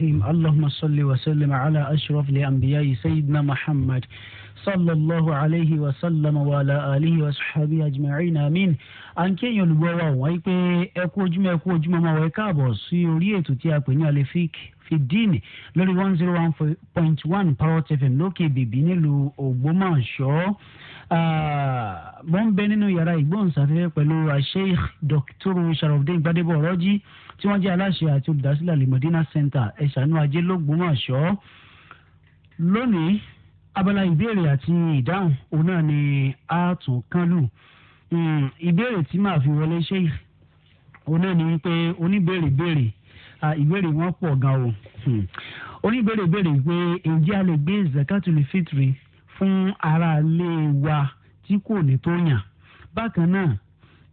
الرحيم اللهم صل وسلم على أشرف الأنبياء سيدنا محمد صلى الله عليه وسلم وعلى آله وصحبه أجمعين آمين à ń kéèyàn olùgbọ́ wa wọ́n pé ẹ kú ojúmọ́ ẹ kú ojúmọ́ máa wọ ẹ káàbọ̀ sí orí ètò tí a pè ní alefik fidini lórí one zero one point one parrot fm lókè bèbí nílùú Ògbómọ̀ṣọ́ mo ń bẹ nínú yàrá ìgbóhùnsáfẹ́fẹ́ pẹ̀lú Sheikh Dr. Sharafdin Gbadebo Ọ̀rọ̀jì tí wọ́n jẹ́ aláṣẹ àti olùdásílẹ̀ alimọ̀dínà center ẹ̀sánú ajé lọ́gbọ́mọ̀ṣọ́ lónìí abala ìbéèrè àti ìdáhùn òun náà ni a tún kánlù hmm, ìbéèrè tí màá fi wọlé ṣe òun náà ni wípé oníbèrè béèrè ìbéèrè wọn pọ̀ gan o hmm, oníbèrè béèrè pé ǹjẹ́ a lè gbé zakatul fitri fún aráalé wa tí kò ní tó yàn bákan náà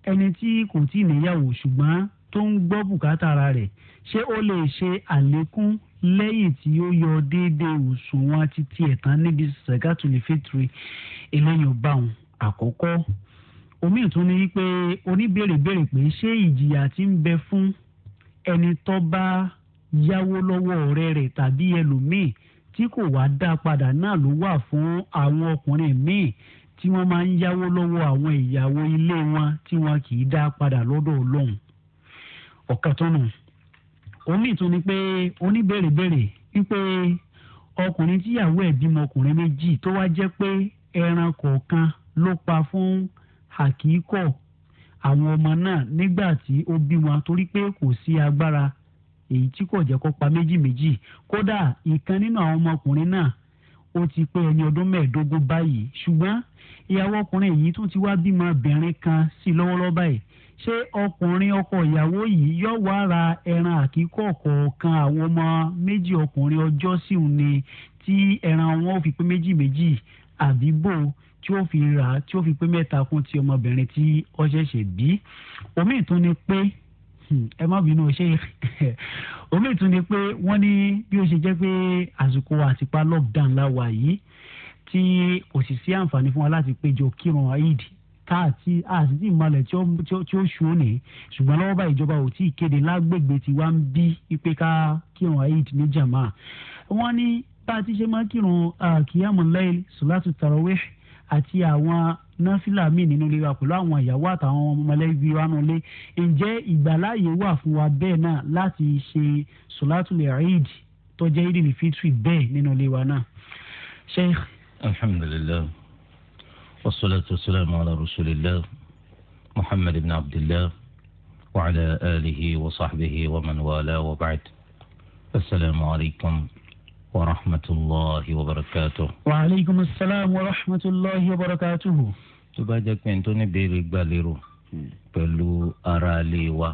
ẹni tí kò tí ì níyàwó ṣùgbọ́n tó ń gbọ́ bùkátà ara rẹ̀ ṣé ó lè ṣe àlékún lẹ́yìn tí ó yọ déédéé òṣùwọ̀n àti tiẹ̀ tán níbi sẹ̀gátùlì fitri eléyìí bá wọn àkọ́kọ́ omi ìtún ni pé oníbèrèbèrè pé ṣé ìjìyà ti ń bẹ fún ẹni tó bá yáwó lọ́wọ́ ọ̀rẹ́ rẹ̀ tàbí ẹlòmíì tí kò wá dá padà náà ló wà fún àwọn ọkùnrin míì tí wọ́n máa ń yáwó lọ́wọ́ àwọn ìyàwó ilé wọn tí wọn kì í dá padà lọ́dọ̀ ọlọ́run ọ̀kan tó nù. omi ìtún ni pé oníbèrèbèrè wípé ọkùnrin tíyàwó ẹ̀ bímọ ọkùnrin méjì tó wá jẹ́ pé ẹran kọ̀ọ̀kan ló pa fún àkíkọ̀ àwọn ọmọ náà nígbà tí ó bí wọn torí pé kò sí agbára èyí tí kò jẹ́ kó pa méjì méjì kódà ìkan nínú àwọn ọmọkùnrin náà ó ti pé ẹni ọdún mẹ́ẹ̀ẹ́dógún báyìí ṣùgbọ́n ìyàwó ọkùnrin yìí tún ti wá bímọ obìnrin kan sí lọ́wọ́lọ́wọ́ báyìí ṣé ọkùnrin ọkọ ìyàwó yìí yọ wá ra ẹran àkíkọ̀ kọ̀ọ̀kan àwọn ọmọ méjì ọkùnrin ọjọ́ síun ni tí ẹran wọn ò fi pé méjì méjì àbí bò tí ó fi rà tí ó fi pé mẹ́ta kún ti ọmọbìnrin tí ó ṣẹ̀ṣẹ̀ bí omi ìtún ni pé hmm, ẹ má bínú ṣe omi ìtún ni pé wọ́n ní bí ó ṣe jẹ́ pé àsìkò àtìpa lockdown la wà yìí tí kò sì sí àǹfààní fún wa láti péjọ kírun Eid tá àti àsìtì ìmọ̀lẹ̀ tí ó ṣù ó nìyí ṣùgbọ́n lọ́wọ́ báyìí ìjọba ò tí ì kéde lágbègbè tí wàá ń bí ipe ká kírun eid ní jàmá. wọ́n ní bá a ti ṣe máa kírun kíyàmù láìl sùlátù tarawih àti àwọn náfìlà míì nínú ilé wa pẹ̀lú àwọn ìyàwó àtàwọn mọ̀lẹ́bí wa nulé ǹjẹ́ ìgbàláyè wà fún wa bẹ́ẹ̀ náà láti ṣe sùlátù eid tó jẹ́ eid ní fitri bẹ́ẹ̀ nínú ilé wa náà. sheikh alhamdulillah والصلاة والسلام على رسول الله محمد بن عبد الله وعلى آله وصحبه ومن والاه وبعد السلام عليكم ورحمة الله وبركاته وعليكم السلام ورحمة الله وبركاته tó bá jẹ́ pé nítorí béèrè gbàlérò pẹ̀lú ara ilé wa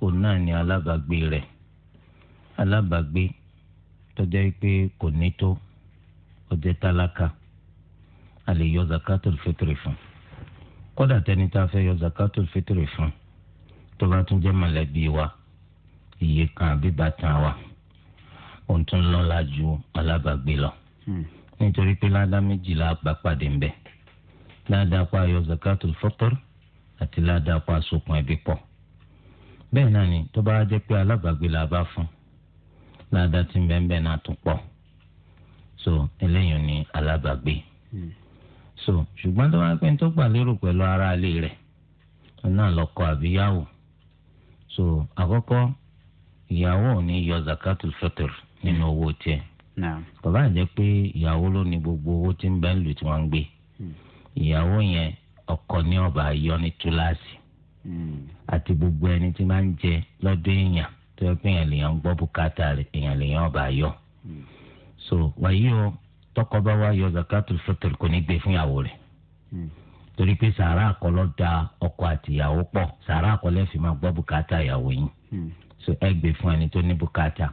òun náà ni كنيتو rẹ̀ a lè yọ zakatul fitri fún kódà tẹni tá a fẹ́ yọ zakatul fitri fún tó bá tún jẹ́ mọ̀lẹ́bí wa iye kan àbí bàtàn wa òun tún la ju alábàgbé lọ hmm. nítorí pé ládá méjìlá bá pàdé ń bẹ ládá pa yọ zakatul fitri àti ládá pa sokùn ẹbí pọ̀ bẹ́ẹ̀ náà ni tó bá jẹ́ pé alábàgbé la bá fún ládá tí ń bẹ́ẹ̀ bẹ́ẹ̀ náà tún pọ̀ so eléyìí ni alábàgbé. Mm so ṣùgbọ́n tó bá pẹ́ tó gbà lérò pẹ̀lú ara ilé rẹ̀ náà lọ́kọ àbíyáwó so àkọ́kọ́ ìyàwó ni ní yọ zakatul fitr nínú owó tiẹ̀ bàbá àjẹ́ pé ìyàwó ló ní gbogbo owó tí ń bẹ́ẹ̀ lù tí wọ́n ń gbé hmm. ìyàwó yẹn ọkọ ní ọba yọ ní túláàsì hmm. àti gbogbo ẹni tí máa ń jẹ lọ́dọ̀ èèyàn tó yẹ pé èèyàn lèèyàn ń gbọ́ bùkátà rẹ̀ èèyàn lèèyàn ọba yọ hmm. so wàyí o tọkọ bá wá yọ zakatul fitr kò ní gbé fún ìyàwó rẹ̀ hmm. torí pé sàrà àkọlọ da ọkọ àtìyàwó pọ̀ sàrà àkọlẹ fi máa gbọ́ bùkátà ìyàwó yín hmm. so ẹ gbé fún ẹni tó ní bùkátà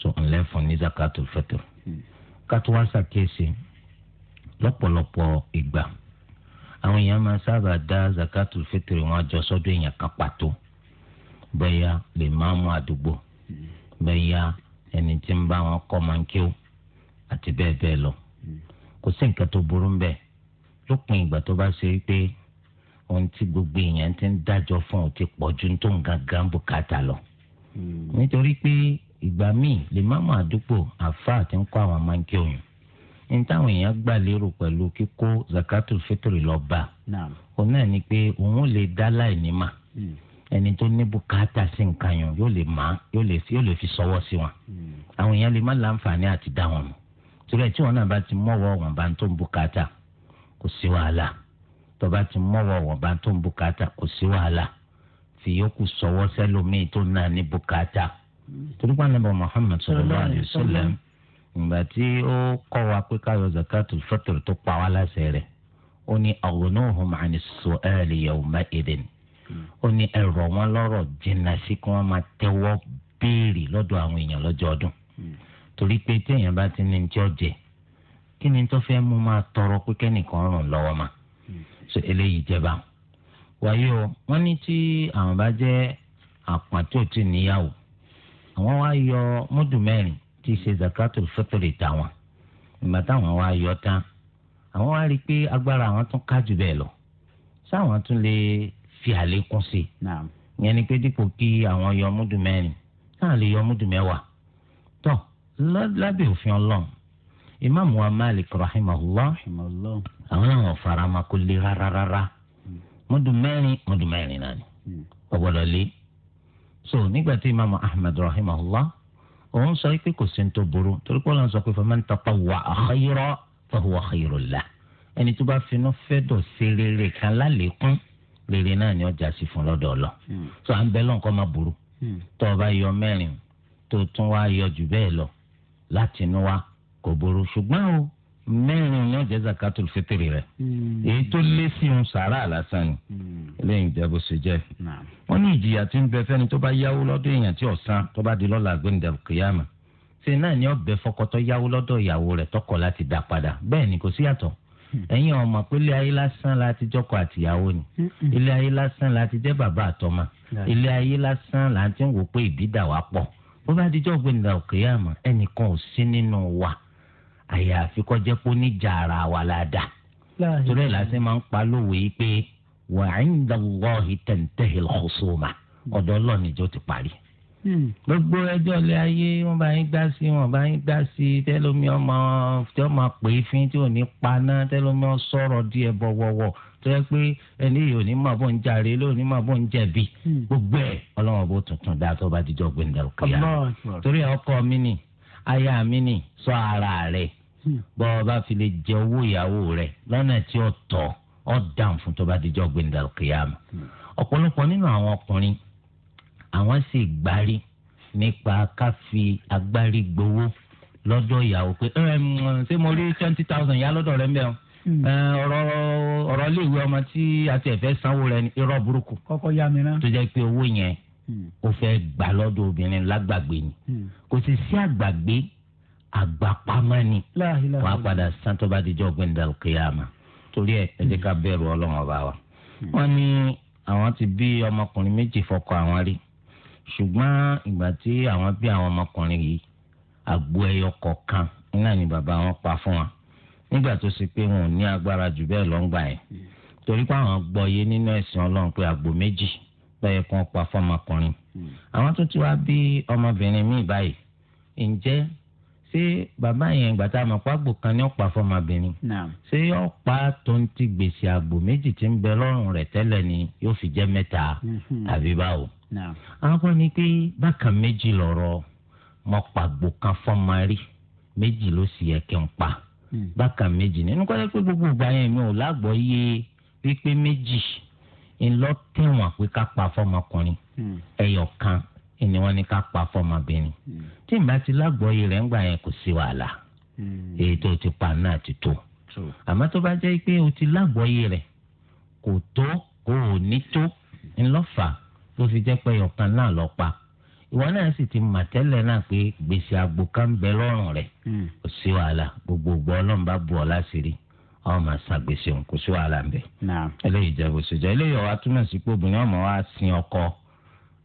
so ńlẹ fún ní zakatul fitr hmm. kátó wá ṣàkíyèsí lọ́pọ̀lọpọ̀ ìgbà àwọn èèyàn máa sábà dá zakatul fitr wọn jọ sọ́dọ̀ èèyàn kan pàtó bẹ́ẹ̀ ya lè máa mú àdúgbò bẹ́ẹ̀ ya ẹni tí ń bá wọn kọ́ máa ń kí o àti bẹ́ẹ̀ bẹ́ẹ̀ lọ kò sí nǹkan tó burú bẹ́ẹ̀ lópin ìgbà tó bá ṣe pé ohun tí gbogbo èèyàn ti ń dájọ́ fún ọ ti pọ̀ ju tó ń gangan bùkátà lọ hmm. nítorí pé ìgbà míì lè má mọ àdúgbò àáfàá ti ń kọ́ àwọn máa ń kí òyìn ní táwọn èèyàn gbà lérò pẹ̀lú kíkó zakatul fitri lọ bá òun náà ni pé òun lè dá láì mà hmm. ẹni tó ní bùkátà sí nǹkan yàn yóò lè má yóò lè fi sọwọ́ sí wọn hmm. àwọn èèyàn lè má láǹfààní àti dá wọn mọ̀ tirẹ̀ tí wọn náà bá ti mọ́wọ́ wọn bá ń tó ń bùkátà kò sí wàhálà tó bá ti mọ́wọ́ wọn bá ń tó ń bùkátà kò sí wàhálà fi yókù sọ́wọ́ sẹ́lómìn tó náà ní bùkátà torí pa nàbà Muhammad sallallahu alayhi wa sallam ìgbà tí ó kọ́ wa pé káyọ̀ zakatul fitr tó pa wá láṣẹ rẹ̀ ó ní aghnuhum ani su'ali yawma idin ó ní ẹ̀rọ wọn lọ́rọ̀ jìnnà sí kí wọ́n máa tẹ́wọ́ béèrè lọ́dọ̀ àwọn èèyàn lọ́jọ́ ọdún torí pé téèyàn bá ti ní jọ jẹ kí ni tó fẹ́ mú máa tọrọ pé kẹ́nìkan ràn lọ́wọ́ mà so eléyìí jẹba wàyí o wọ́n ní tí àwọn bá jẹ́ àpàtó tí níyàwó àwọn wá yọ múdù mẹ́rin tí í ṣe zakatul fitri tàwọn ìgbà táwọn wá yọ tán àwọn wá rí i pé agbára àwọn tún ká jù lọ sáwọn tún lè fi àlékún sí i yẹn ni pé dípò kí àwọn yọ múdù mẹ́rin táwọn lè yọ múdù mẹ́wàá lábẹ́ òfin ọlọ́run imaamu wa malik rahimahullah àwọn àwọn farama kò lé rárára mọ́dù mẹ́rin mọ́dù mẹ́rin náà ni hmm. ọ̀gbọ́dọ̀ lé so nígbà tí imaamu ahmed rahimahullah òun sọ pé kò sí ní tó burú torí pé ọlọ́run sọ pé faman tatawwa'a khayran fahuwa khayrun lahu ẹni tó bá finú fẹ́ dọ̀ sí rere kan lálẹ́kún rere náà ni ọjà sí fún lọ́dọ̀ ọlọ́ hmm. so à ń bẹ́ lọ́nkọ́ máa burú hmm. tó o bá yọ mẹ́rin tó tún wá yọ jù bẹ́ẹ̀ lọ láti inú wa kò burú ṣùgbọ́n o mẹ́rin ní ọjà zakatul fitiri rẹ̀ hmm. èyí tó lé sí un sàrà lásán ni hmm. lẹ́yìn ìjẹ́bù sí jẹ́ wọ́n ní ìjìyà tí ń bẹ fẹ́ni tó bá yáwó lọ́dọ̀ èèyàn tí ọ̀sán tó bá di lọ́la gbẹ̀ǹdà kìyàmà ṣe náà ni ọbẹ̀ fọkọtọ́ yáwó lọ́dọ̀ ìyàwó rẹ̀ tọkọ láti dá padà bẹ́ẹ̀ ni kò sí yàtọ̀ hmm. ẹ̀yin ọmọ pé ilé ayé lásán láti jọkọ àtìyàwó ni ilé ayé lásán láti jẹ́ bàbá àtọmọ ilé ayé lásán láti ń wò pé ìbí dà wá pọ̀ bó bá dijọ́ gbẹ̀ndà òkè àmọ́ ẹnìkan ò sí nínú wa àyàfi kọjá pé oníjà ara wa la dà torí ẹ̀ lásán máa ń pa lówe pé wa 'inda Allahi tantahi ọ̀dọ̀ Ọlọ́run ti parí. Hmm. gbogbo ẹjọ́ ilé ayé wọ́n bá yín gbá sí wọ́n bá yín gbá sí tẹ́lómi ọmọ tí wọ́n máa pè é fín tí ò ní paná tẹ́lómi ọ tó yẹ pé ẹni yìí ò ní máa bọ̀ ń jàre ló ní máa bọ̀ ń jẹ̀bi hmm. gbogbo ẹ̀ ọlọ́wọ́n bó tuntun dá tó bá dijọ́ gbẹ̀ndà òkèèyà torí ọkọ mi ni aya mi ni sọ ara rẹ̀ hmm. bọ́ ọ bá fi lè jẹ owó ìyàwó rẹ̀ lọ́nà tí ó tọ́ ọ́ dàn fún tó bá dijọ́ gbẹ̀ndà òkèèyà mọ́ hmm. ọ̀pọ̀lọpọ̀ nínú àwọn ọkùnrin àwọn sì gbárí nípa ká fi agbárí gbowó lọ́dọ̀ ìyàwó pé ṣé mo rí twenty thousand yá lọ́dọ̀ rẹ̀ mẹ́rin Hmm. ọ̀rọ̀ ọ̀rọ̀ iléèwé ọmọ tí a ti ẹ̀fẹ́ sanwó rẹ̀ ní irọ́ burúkú kọ́kọ́ yá mi tó jẹ́ pé owó yẹn hmm. ó fẹ́ gbà lọ́dọ̀ obìnrin lágbàgbé ni hmm. kò sì sí àgbàgbé àgbàpamọ́ ni wọ́n á padà san tó bá dijọ́ gbẹ̀ndàlùkìyàmà torí ẹ̀ ẹ̀ jẹ́ ká bẹ̀rù ọlọ́run ọba wa wọ́n ní àwọn ti bí ọmọkùnrin méjì fọ́kọ àwọn rí ṣùgbọ́n ìgbà tí àwọn bí àwọn ọmọkùnrin yìí àgbo ẹyọ kọ̀ọ̀kan náà ni bàbá wọn pa fún wọn nígbà tó ṣe pé wọn ò ní agbára jù bẹ́ẹ̀ lọ́ngbà yẹn torí pé àwọn gbọ́yé nínú ẹ̀sìn ọlọ́run pé àgbò méjì lọ́yẹ kan pa fọ́mọkùnrin hmm. àwọn tó ti wá bí ọmọbìnrin míì báyìí ǹjẹ́ ṣé bàbá yẹn ìgbà tá a mọ̀ pé àgbò kan ni ó pa fọ́mọbìnrin ṣé yóò pa tó ń ti gbèsè àgbò méjì tí ń bẹ lọ́rùn rẹ̀ tẹ́lẹ̀ ni yóò fi jẹ́ mẹ́ta hmm. àbí báwo. àwọn kan ní pé bákan méjì lọ̀rọ̀ mọ̀ pàgbò kan fọ́mọ rí méjì ló sì yẹ kí n pa. Hmm. bákan méjì nínú kọ́jà pé gbogbo ìgbà yẹn mi ò lágbọ́ yé wípé méjì ńlọ tẹ̀wọ̀n pé ká pa fọmọkùnrin hmm. ẹyọ kan ni wọ́n ní ká pa fọmọbìnrin hmm. tí n bá ti lágbọ́ yé rẹ̀ ńgbà yẹn kò sí wàhálà èyí tó ti pa náà ti tó àmọ́ tó bá jẹ́ pé o ti lágbọ́ yé rẹ̀ kò tó kò ní tó ńlọ́fà tó fi jẹ́ pé ẹyọ náà lọ pa ìwọ náà sì ti mà tẹ́lẹ̀ náà pé gbèsè àgbò kan bẹ lọ́rùn rẹ̀ hmm. kò sí wàhálà gbogbo ògbó ọlọ́run bá bù ọ́ láṣìírí àwọn máa san gbèsè òun kò sí wàhálà ń bẹ. eléyìí jẹ́ gbèsè eléyìí ọ̀wá túmọ̀ sí pé obìnrin ọmọ wa sin ọkọ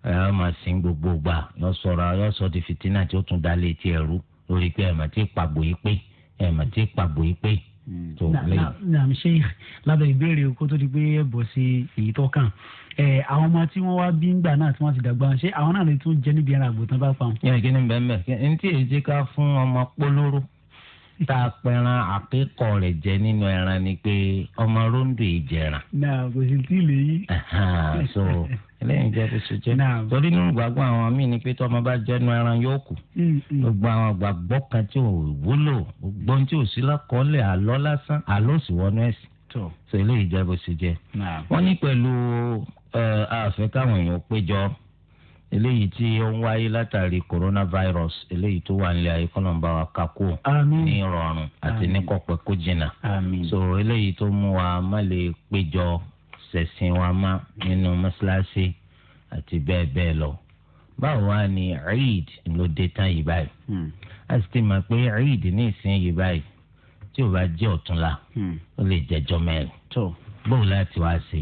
ẹ ọ máa sin gbogbo gbà yọ sọ̀rọ̀ yọ sọ di fìtínà tí ó tún dalé ti ẹ̀rú lórí pé ẹ̀ mà ti pàgbò yìí pé ẹ̀ mà ti pàgbò yìí pé tó lẹ́yìn. naam ṣe lábẹ́ ìbéèrè kó tó di pé ẹ bọ̀ sí èyí tó kàn ẹ àwọn ọmọ tí wọ́n wá bí ńgbà náà tí wọ́n ti dàgbà ṣé àwọn náà lè tún jẹ níbi ẹran àgbò tán bá pa wọn. yẹn kí ni bẹ́ẹ̀ bẹ́ẹ̀ ní tí èyí ti ká fún ọmọ polówó tá a pẹran àkẹ́kọ̀ọ́ rẹ̀ jẹ nínú ẹran ni pé ọmọ rondo ìjẹran. náà kò sì tí ì lè yí. eléyìí jẹ́ bó ṣe jẹ́ torí nínú ìgbàgbọ́ àwọn míì ni pé tọ́mọ bá jẹ́nu ẹran yóò kù gbogbo àwọn ìgbàgbọ́ kan tí ò wúlò gbogbo tí ò sí lákọọ́lẹ̀ àlọ́ lásán àlọ́ sì wọnú ẹ̀sìn so eléyìí jẹ́ bó ṣe jẹ́ wọ́n ní pẹ̀lú àfẹ́ káwọn èèyàn péjọ eléyìí tí ó ń wáyé látàrí coronavirus eléyìí tó wà nílẹ̀ ayé kọ́nà ń bá wa kakó ní ìrọ̀rùn àti ní kọ̀pẹ́ kó jìnnà so eléyìí tó mú wa má lè péjọ ṣẹ̀sìn wa má nínú mọ́ṣáláṣí àti bẹ́ẹ̀ bẹ́ẹ̀ lọ báwo wá ni eid ló dé tán yìí báyìí hmm. a sì ti mọ̀ pé eid ní ìsìn yìí báyìí tí ò bá jẹ́ ọ̀túnla hmm. ó lè jẹjọ́ mẹ́rin bóun láti wá sí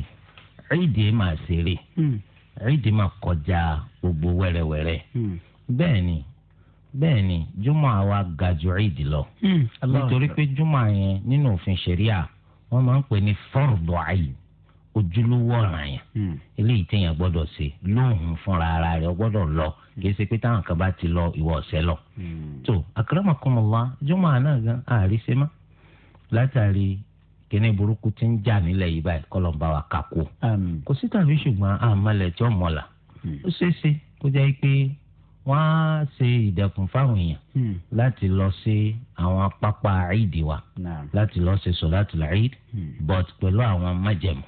eid máa ṣeré hmm. eid máa kọjá gbogbo wẹ́rẹ́wẹ́rẹ́ bẹ́ẹ̀ ni bẹ́ẹ̀ ni jùmọ̀ àwa ga ju eid lọ nítorí pé jùmọ̀ yẹn nínú òfin ṣẹ̀ríà wọ́n máa ń pè ní fọ́ọ̀dù àyè ojúlówó ọ̀ràn yẹn hmm. eléyìí téèyàn gbọ́dọ̀ ṣe lóhùn fúnra ara rẹ̀ gbọ́dọ̀ lọ hmm. kìí ṣe pé táwọn kan bá ti lọ ìwọ ọ̀sẹ̀ lọ. tó hmm. akramakumullah jùmọ̀ àná gan àríṣe má látàrí kíní burúkú ti ń jà nílẹ̀ yìí báyìí kọ́lọ̀ ń bá wa kàkó. kò sí tàbí ṣùgbọ́n àmàlẹ̀ tí ó mọ̀lá ó ṣeé ṣe kó jẹ́ pé wọ́n á ṣe ìdẹ̀kùn fáwọn èèyàn láti lọ sí àwọn pápá ìdí láti lọ ṣe sọ̀láàtì láìd but pẹ̀lú àwọn májẹ̀mú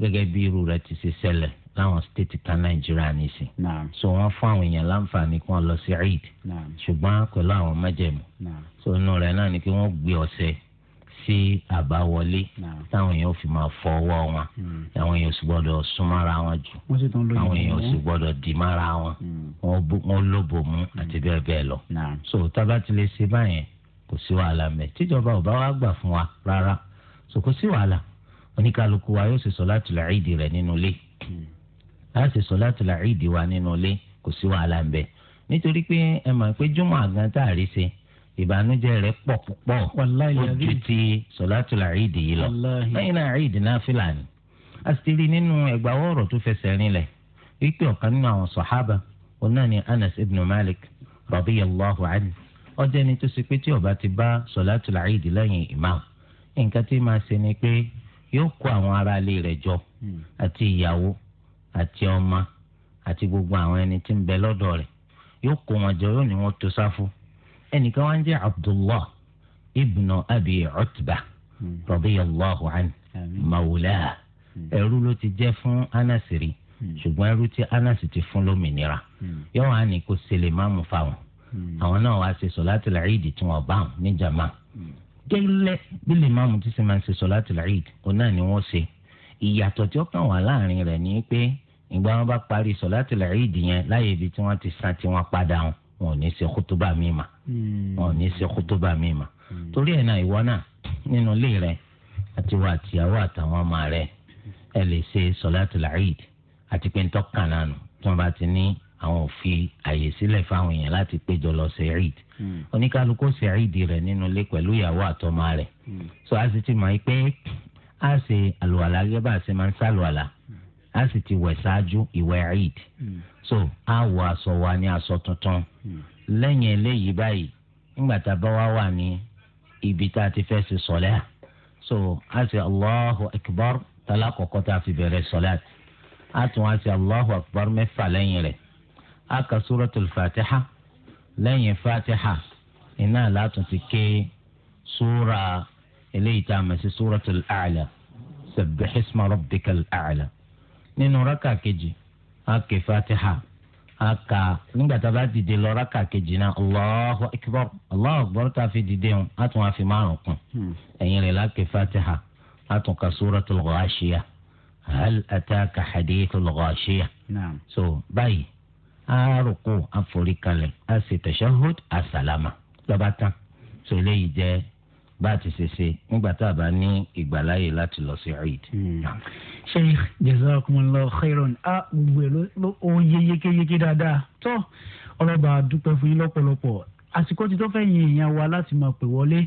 gẹ́gẹ́ bí irú rẹ̀ ti ṣe ṣẹlẹ̀ láwọn stéètì kan nàìjíríà nìsín so wọ́n fún àwọn èèyàn láǹfààní kí wọ́n lọ sí eid ṣùgbọ́n pẹ̀lú àwọn májẹ̀mú so inú rẹ̀ náà ni kí wọ́n gbé ọṣẹ sí àbáwọlé táwọn èèyàn fi máa fọ ọwọ́ wọn hmm. àwọn èèyàn sì gbọ́dọ̀ súnmọ́ra wọn jù àwọn èèyàn sì gbọ́dọ̀ dìmọ́ra wọn hmm. wọ́n lóbò mú hmm. àti bẹ́ẹ̀ bẹ́ẹ̀ lọ so tábà ti lè ṣe báyẹn kò sí wàhálà mẹ́ tíjọba ò bá wá gbà fún wa rárá so kò sí wàhálà oníkàlùkù wa yóò ṣe sọ̀látùl ìdí rẹ̀ nínú ilé a ṣe sọ̀látùl ìdí wa nínú ilé kò sí wàhálà ń bẹ nítorí pé ẹ mọ̀ pé jùmọ̀ àgàn tá a rí ṣe ìbànújẹ́ rẹ̀ pọ̀ púpọ̀ ojú ti sọ̀látùl ìdí yìí lọ lẹ́yìn náà ìdí náà fìlàní a nínú ẹgbàwọ́ ọ̀rọ̀ tó fẹsẹ̀ rinlẹ̀ wípé ọ̀kan nínú àwọn sọ̀hábà ọ̀nà ni Anas ibn Malik radiyallahu anhu ọjọ́ ẹni tó ṣe pé tí ó ti bá sọ̀látùl ìdí lẹ́yìn ìmáà nǹkan tí máa ṣe ni pé yóò kó àwọn ará ilé rẹ̀ jọ hmm. àti ìyàwó àti ọmọ àti gbogbo àwọn ẹni tí ń bẹ lọ́dọ̀ rẹ̀ yóò kó wọn jọ yóò ní wọn tó sáfù ẹnìkan wá ń jẹ́ abdullah ibnu abi utba hmm. radiyallahu an mawula hmm. ẹrú ló ti jẹ́ fún anasiri ṣùgbọ́n ẹrú ti anasi ti fún lómìnira yóò wá ní kó ṣẹlẹ̀ máàmù fáwọn àwọn náà wá ṣe sọ̀látùl ìdí tí wọ́n bá wọn ní jàmáà gẹ́lẹ́ bí lè máàmù tí sì máa ń ṣe sọ̀láàtì Eid òun náà ni wọ́n ṣe ìyàtọ̀ tí ó kàn wá láàrin rẹ̀ ni pé ìgbà wọn bá parí sọ̀láàtì Eid yẹn láyé ibi tí wọ́n ti san tí wọ́n padà wọn wọn ò ní ṣe kútúbà míì mà hmm. wọn ò ní ṣe kútúbà míì mà hmm. torí ẹ̀ náà ìwọ náà nínú ilé rẹ àti wà àtìyàwó àtàwọn ọmọ rẹ ẹ lè ṣe sọ̀láàtì Eid àti pé ń tọ́ kàn náà nù tí wọ́n bá ti ní àwọn ò fi àyè sílẹ̀ fáwọn èèyàn láti péjọ lọ ṣe eid hmm. oníkálukú ṣe eid rẹ̀ nínú ilé pẹ̀lú ìyàwó àtọmọ rẹ̀ hmm. so a sì ti mọ̀ pé a ṣe àlùwàlà gẹ́gẹ́ bá a ṣe máa ń ṣàlùwàlà hmm. a sì ti wẹ̀ ṣáájú ìwẹ̀ eid so a wọ aṣọ wa ní aṣọ tuntun lẹ́yìn eléyìí báyìí nígbà tá a bá wá wà ní ibi tá a ti fẹ́ ṣe sọ̀lẹ́ so a ṣe allahu akbar tala kọ̀kọ́ tá a fi bẹ̀rẹ̀ sọ̀lẹ́ a tún a ṣe allahu akbar mẹ́fà lẹ́yìn rẹ̀ aka suratul fatiha lẹ́yìn fatiha iná látún ti ké súra eléyìí tá a mọ̀ sí suratul a'la sabbih isma rabbikal a'la nínú rákà kejì aka fatiha aka nígbà tá a bá dìde lọ rákà kejì náà allahu akbar allahu akbar tá a fi dìde wọn á tún a fi márùn kún ẹ̀yìn rẹ̀ láka fatiha á tún ka suratul ghashiya hal ataka hadithul ghashiya so báyìí. àáròkò àforíkalẹ̀ àṣẹ tashahhud àsàlámà lọ́ba tán sọ eléyìí jẹ́ bá a ti ṣe ṣe nígbà tá a bá ní ìgbàláyè láti lọ sí Eid. ṣe hmm. jazakumullahu khairan a gbogbo ẹ ló ó yé yékéyéké dáadáa tó ọlọ́ba dúpẹ́ fún yín lọ́pọ̀lọpọ̀ àsìkò tí tó fẹ́ yin èèyàn wa láti máa pè wọlé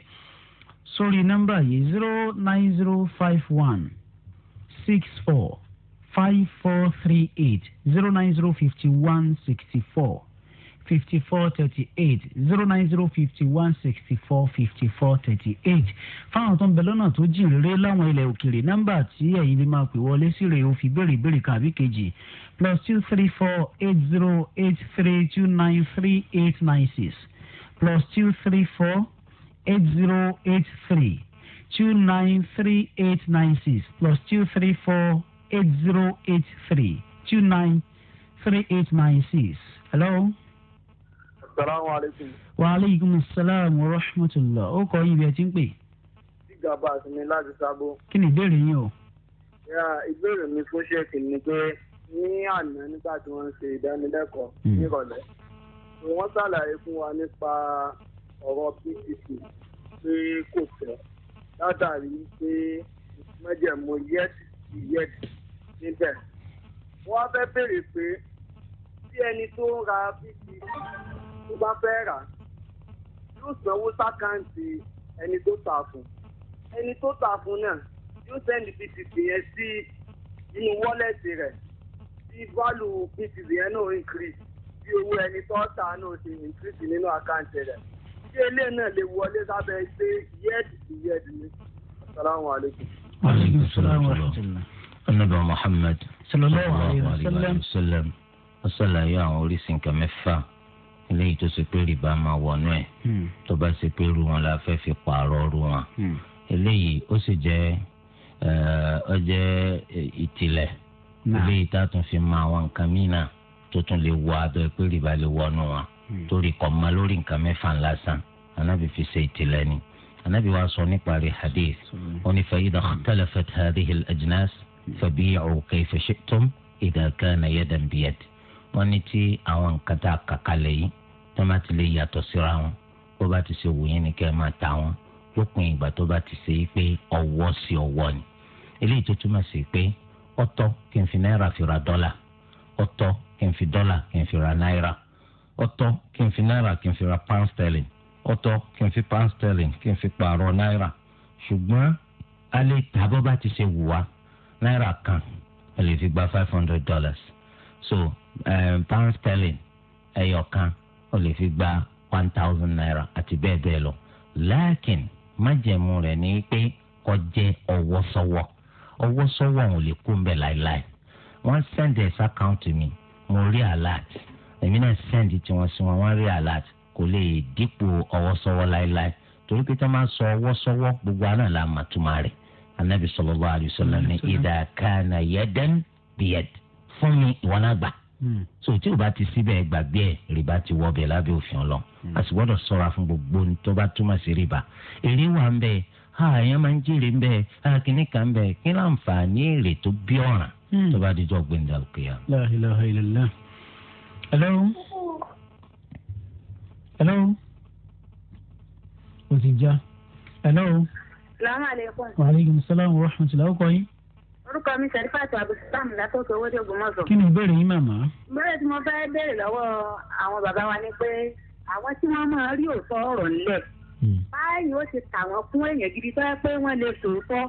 sórí nọ́mbà yìí zero nine zero five one six four five four three eight zero nine zero fifty one sixty four fifty four thirty eight zero nine zero fifty one sixty four fifty four thirty eight fáwọn tó ń bẹ lọ́nà tó jìn réré láwọn ilẹ̀ òkèèrè nọ́mbà tí ẹ̀yin lè máa pè wọlé sí rèé o fi béèrè ìbéèrè kan àbí kejì plus two three four eight zero eight three two nine three eight nine six plus two three four eight zero eight three two nine three eight nine six plus two three four eight zero eight three two nine three eight nine six. hello. salaamaleykum. wa aleykum salaam wa rahmatulah ó kọ ibi ẹ ti ń pè. gíga bá a sì ní láti sábó. kí ni ìbéèrè yín o. ìbéèrè mi fún ṣẹ́ẹ̀kì ni pé ní àná nígbà tí wọ́n ń ṣe ìdánilẹ́kọ̀ọ́ hmm. nírọ̀lẹ́ wọ́n ṣàlàyé fún wa nípa ọ̀rọ̀ pcc pé kò fẹ́ látàrí pé mẹ́jẹ̀mú yẹ́tì yẹ́tì níbẹ̀ wọ́n á fẹ́ béèrè pé bí ẹni tó ń ra bíbí tó bá fẹ́ rà yóò sanwó sákàǹtì ẹni tó tà fún ẹni tó tà fún náà yóò sẹ́ni btc yẹn sí inú wọ́lẹ̀tì rẹ̀ tí válù btc yẹn náà increase bí owó ẹni tó tà náà ti increase nínú àkáǹtì rẹ̀ tí ilé náà lè wọlé sábẹ́ ṣe yẹ́ẹ̀dì sí yẹ́ẹ̀dì ni. asalaamualeykum. wàhálà ìṣúná wà lọ́tún anabi muhammed sallallahu alayhi wa sallam ọsàlàyé àwọn oríṣi nǹkan mẹ́fà eléyìí tó ṣe pé rìbá máa wọnú ẹ̀ hmm. tó bá ṣe pé rú wọn la fẹ́ fi pààrọ̀ rú wọn hmm. eléyìí ó sì jẹ́ ó jẹ́ ìtìlẹ̀ eléyìí tá a tún fi mọ àwọn nǹkan míì náà tó tún lè wọ abẹ́ pé rìbá lè wọnú wọn hmm. torí kò mọ lórí nǹkan mẹ́fà lásán anábì fi ṣe ìtìlẹ̀ ni anábì wa sọ nípa rẹ̀ hadith ó ní fa idha ikhtalafat hadhihi al-ajnas fabi'u kayfa shi'tum idha kana yadan biyad wọ́n ní tí àwọn nǹkan tá a kà kalẹ̀ yìí tó bá ti lè yàtọ̀ síra wọn bó bá ti ṣe wù yín ni kẹ́ ẹ máa ta wọn lópin ìgbà tó bá ti ṣe pé ọwọ́ sí ọwọ́ ni eléyìí tó túmọ̀ sí pé ọ̀tọ̀ kí n fi náírà fi ra dọ́là ọ̀tọ̀ kí n fi dọ́là kí n fi ra náírà ọ̀tọ̀ kí n fi náírà kí n fi ra pound sterling ọ̀tọ̀ kí n fi pound sterling kí n fi pààrọ̀ náírà ṣùgbọ́n a lè bá ti ṣe wù wá náírà kan ẹ lè fi gba five hundred dollars so um, pound sterling ẹyọ kan ẹ lè fi gba one thousand naira àti bẹ́ẹ̀ bẹ́ẹ̀ lọ láàkìn májẹ̀mú rẹ̀ ni pé kó jẹ́ ọwọ́ sọ́wọ́ ọwọ́ sọ́wọ́ ò lè kú mbẹ̀ láéláé wọ́n send ẹ̀ sàkáǹtì mi mo rí alert èmi náà send tiwọn sí wọn wọ́n rí alert kò lè dípò ọwọ́ sọ́wọ́ láéláé torí pé tí wọ́n máa sọ ọwọ́ sọ́wọ́ gbogbo àná la màtúmá rẹ̀ anabi sallallahu alayhi wa sallam ní idha kana yadan biyad fún mi ìwọ náà gbà hmm. so tí o bá ti síbẹ̀ gbàgbé ẹ̀ rìbá ti wọ́ bẹ̀ lábẹ́ òfin ọlọ́ hmm. a sì gbọ́dọ̀ sọ̀rọ̀ fún gbogbo tó bá túmọ̀ sí rìbá èrè wà ń bẹ̀ ha èèyàn máa ń jèrè ń bẹ̀ ha kìíní kan bẹ̀ kí ló ń fà ní èrè tó bí ọ̀ràn hmm. tó bá dijọ́ gbẹ̀ndà òkèèyàn. la ilaha illallah. hello salaamaleykum. waaleykum salaam wa rahmatulah ọkọ yín. orúkọ mi sẹ́rífàtì abdulsalam látọ̀kẹ́ owó dẹ́gun mọ́sọ̀. kí ni ìbéèrè yín màmá. ìbéèrè tí mo fẹ́ béèrè lọ́wọ́ àwọn bàbá wa ni pé àwọn tí wọ́n máa rí òótọ́ ọ̀rọ̀ nílẹ̀ hmm. báyìí ó ti kà wọ́n fún èèyàn gidi tó yẹ pé wọ́n lè sòótọ́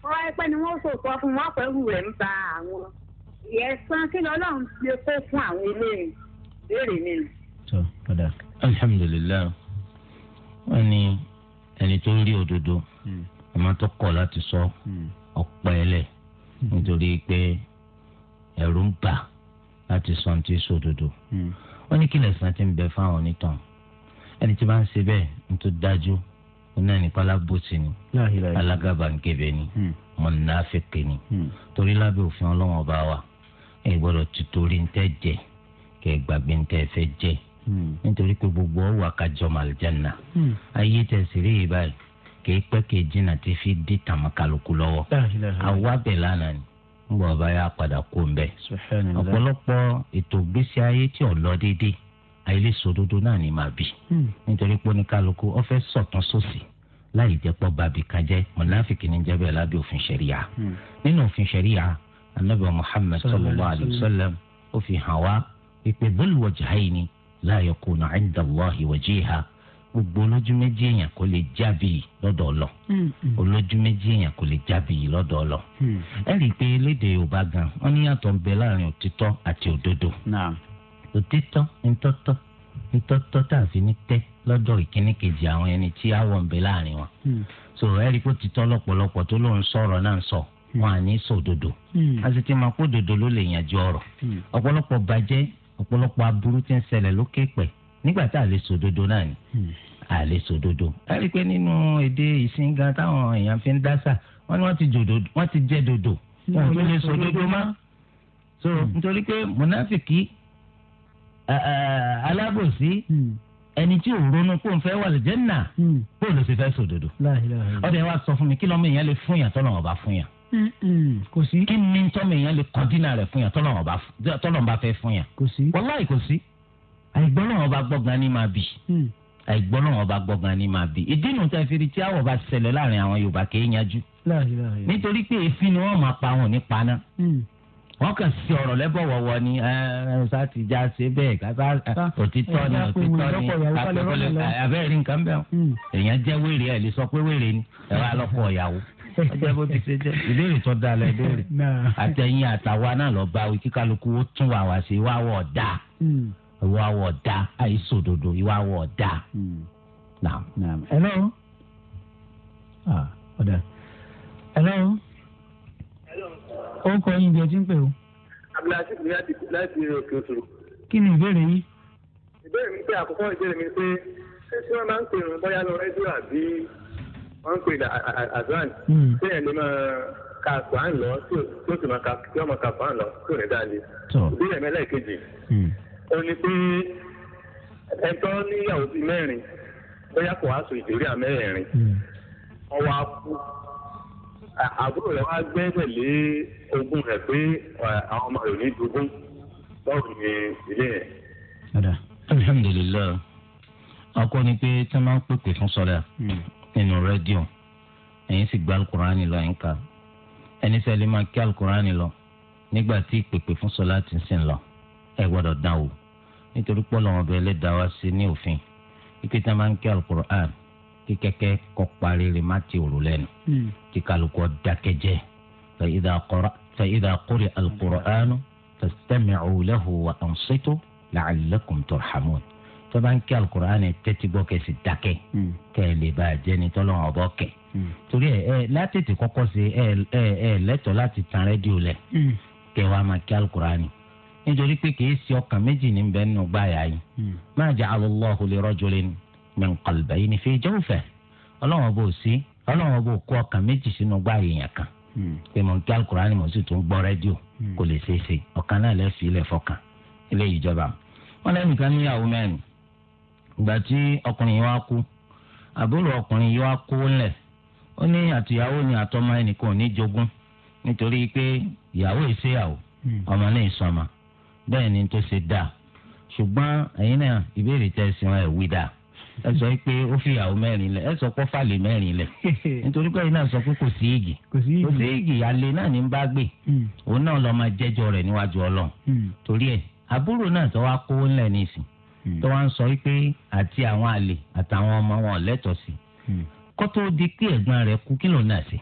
wọ́n wáyé ni wọ́n sòótọ́ fún wọn pẹ̀lú rẹ̀ ń ba àwọn ìyẹ̀sán kí ẹni tó ń rí òdodo hmm àmọ́ tó kọ̀ láti sọ hmm. ọ̀pọ̀ ẹlẹ̀ hmm. nítorí pé ẹ̀rù ń bà láti sọ ní ti sòdodo. Hmm. ó ní kí lẹ̀sán ti ń bẹ fáwọn onítàn ẹni tí bá ń ṣe bẹ́ẹ̀ ń tó dájú náà ní pálábòsì ni alágàbàǹkebè ni mọ̀nàfẹ́kè ni torí lábẹ́ òfin ọlọ́wọ́n ọba wa ẹ gbọ́dọ̀ tutori ń tẹ́ jẹ kẹ́ ẹ gbàgbé ń tẹ́ ẹ fẹ́ jẹ nítorí pé gbogbo ọwọ́ àkàjọ màlìjánà ayé tẹ̀sí rí yìí kì í pẹ́ kì í jìnnà tí fi di tàmọ́kàlùkù lọ́wọ́ àwa bẹ̀ lánàá ni ń bọ̀ ọba yà padà kó ń bẹ̀. ọ̀pọ̀lọpọ̀ ètò ìgbésí ayé tí ò lọ déédéé àìlè sòdodo náà ni màá bì hmm. nítorí pé oníkàlùkù ọ fẹ́ sọ̀tún sósì láì jẹ́ pọ́ bàbí kan jẹ́ mọ̀nàfíkì ní jẹ́ bẹ́ẹ̀ lábẹ́ òfin ṣẹ̀ríya hmm. nínú òfin ṣẹ̀ríya anabi muhammed sallallahu alayhi ó fi hàn wá ìpè dhul wajhayni la yakunu inda Allahi wajiha gbogbo olójú méjì èèyàn kò lè jábì lọ́dọ̀ ọlọ hmm. olójú méjì èèyàn kò lè jábì lọ́dọ̀ ọlọ. Hmm. ẹ rí i pé léde yorùbá gan wọn ní yàtọ̀ ń bẹ láàrin òtítọ́ àti òdodo. òtítọ́ ntọ́tọ́ ntọ́tọ́ tá ní tẹ́ lọ́dọ̀ ìkíní kejì àwọn ẹni tí a wọ̀ ń bẹ láàrin wọn. Hmm. so ẹ rí i pé òtítọ́ lọ́pọ̀lọpọ̀ tó lóun sọ̀rọ̀ náà ń sọ wọn à ní sọ òdodo. a sì ti máa kó òdodo ló lè yànjú ọ̀rọ̀ ọ̀pọ̀lọpọ̀ bàjẹ́ ọ̀pọ̀lọpọ̀ nígbà tá a lè sòdodo náà ni hmm. a lè sòdodo. ẹ rí i pé nínú èdè ìsìnga táwọn èèyàn fi ń dásà wọn ni wọn ti jẹ dodo hmm. wọn ò lè sòdodo mọ́. so hmm. nítorí pé mùnáfìkì alábòsí ẹni tí ò ronú kó n fẹ́ wà lẹ́jẹ̀nà kó ló sì fẹ́ sòdodo. ọ̀dọ̀ ẹ wá sọ fún mi kí lọ́mọ èèyàn lè fún yàn tọ́lọ̀ ọ̀bá fún yàn. kò sí. kí ni tọ́mọ èèyàn lè kọ́dínà rẹ̀ fún yàn tọ́lọ̀ ọ̀bá fún yàn. wàláì kò sí àìgbọ́n náà ọba gbọ́ngàn ní máa bì hmm. àìgbọ́n náà ọba gbọ́ngàn ní máa bì ìdí nu tẹ́ fi rí tí àwọ̀ bá ṣẹlẹ̀ láàrin àwọn Yorùbá kì í yanjú nítorí pé èéfín ni wọ́n máa pa wọn ní paná hmm. wọn kàn sí ọ̀rọ̀ lẹ́bọ̀ wọ̀wọ̀ ni ṣá ti já ṣe bẹ́ẹ̀ kátà òtítọ́ ni òtítọ́ ni àpẹẹrẹ abẹ́rẹ́ nǹkan bẹ́ẹ̀ hmm. èèyàn jẹ́ wèrè ẹ̀ lè sọ pé wèrè ni ẹ wá lọ́kọ̀ ìyàwó ọjọ́ bó ti ṣe jẹ́ ìbéèrè tó da lẹ béèrè àtẹ̀yìn àtàwa náà lọ bá wí kíkálukú ó tún wà wá sí wá wọ̀ dáa ìwà àwọ̀ ọ̀dà àìsàn òdodo ìwà àwọ̀ ọ̀dà. hello. ah kọ yín bí ẹ ti ń pè o. abdulhasi ni láti ilé òkè òṣòro. kí ni ìbéèrè yìí. ìbéèrè mi pé àkọ́kọ́ ìbéèrè mi pé ṣé tí wọ́n máa ń pè ní bóyá lọ rẹ́díò àbí wọ́n ń pè ní àdúràn hmm. ṣé ẹ̀ lè máa ka kwan lọ tó tó máa ka kí wọ́n máa ka kwan lọ tó ní dáadé. ìbéèrè mi lẹ́ẹ̀kejì. Hmm ó ní pé ẹ̀tọ́ níyàwó ti mẹ́rin bóyá kò wá sùn ìdíríà mẹ́rin ọwọ hmm. akú àbúrò rẹ̀ wá gbé pẹ̀lú ogún rẹ̀ pé àwọn ọmọ rẹ̀ ò ní dogún báwo ni ilé yẹn. padà alhamdulilayi ọkọ ni pé tí wọn máa ń pèpè fún sọlá nínú rédíò ẹ̀yin sì gba alukurani lọ ẹ̀yin ká ẹni sẹ́ni máa kí alukurani lọ nígbà tí ìpèpè fún sọlá ti ń sìn lọ ẹ gbọ́dọ̀ dán nítorí pọ́ lọ́wọ́ bẹ́ẹ̀ lè dá wa sí ní òfin ike tí a máa ń kí alukur'an kí kẹ́kẹ́ kọ́ parí rẹ̀ má ti òrò lẹ́nu hmm. kí kálukú dákẹ́jẹ́ fa idha quri alukur'an fastami'u lahu wa ansitu la'allakum turhamun tó bá ń kí alukur'an tẹ́tí gbọ́ kẹ́sì dákẹ́ hmm. kẹ́ ẹ lè bá a jẹ́ ni tọ́lọ́wọ́ bọ́ kẹ́ hmm. torí ẹ ẹ látètè kọ́kọ́ sí ẹ ẹ lẹ́tọ̀ọ́ láti tan rédíò lẹ̀ kẹ́ wàá máa kí alukur'an yìí. nítorí pé kìí ṣe ọkàn méjì ní bẹ́ẹ̀ nù gbáyà yìí ma hmm. ja'ala Allahu li rajulin min qalbayni fi jawfihi ọlọ́wọ́n bò sí ọlọ́wọ́n bò kó ọkàn méjì sínú gbáyà yẹn kan hmm. pé mo ń kí alukurani mo sì tún gbọ́ rẹ́díò hmm. kò lè ṣeé ṣe ọkàn náà lè fi ilẹ̀ fọkàn ilé ìjọba wọn níyàwó mẹ́rin ìgbà tí ọkùnrin yìí wá kú àbúrò ọkùnrin yìí bẹ́ẹ̀ ni tó ṣe dáa ṣùgbọ́n ẹ̀yin náà ìbéèrè tẹ̀sí wọn ẹ̀ wí dáa ẹ sọ pé ó fi ìyàwó mẹ́rin lẹ̀ ẹ sọ pé fàlẹ̀ mẹ́rin lẹ̀ nítorí pé ẹ̀yin náà sọ pé kò sí igi kò sí igi àlè náà ní bá gbé hmm. òun náà lọ́ọ́ máa jẹ́jọ́ rẹ̀ níwájú ọlọ́run hmm. torí ẹ̀ àbúrò náà tó wá kówó ńlẹ̀ nísìn hmm. tó wá ń sọ pé àti àwọn àlè àtàwọn ọmọ wọn lẹ́tọ̀ọ́ sí kó tó di pé ẹ̀gbọ́n rẹ̀ kú kí lòun náà ṣe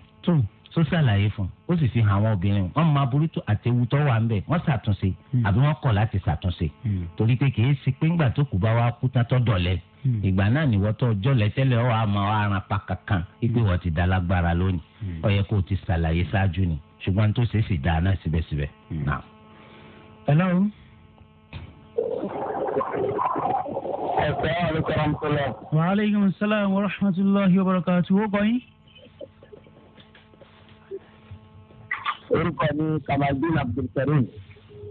tó ṣàlàyé fún ó sì fi hàn àwọn obìnrin wọn máa burú tó àtẹwù tó wà ń bẹ wọn ṣàtúnṣe hmm. àbí wọn kọ̀ láti ṣàtúnṣe hmm. torí pé kì í ṣe pé ńgbà tó kù bá wa kú tán tó dọ̀lẹ́ hmm. ìgbà náà nìwọ tó jọlẹ tẹ́lẹ̀ ọ àmọ́ aràn pa kankan ipe wọn ti dalágbára lónìí ó yẹ kó o ti ṣàlàyé ṣáájú ni ṣùgbọ́n tó ṣeé sì dáa náà síbẹ̀síbẹ̀. hello. ẹ̀sán àlùkò àǹkọ́lẹ̀. wa aleykum salaam wa rahmatulahi wa barakatuh. ó kọ́ yín. orúkọ mi kamaldeen abdulkareem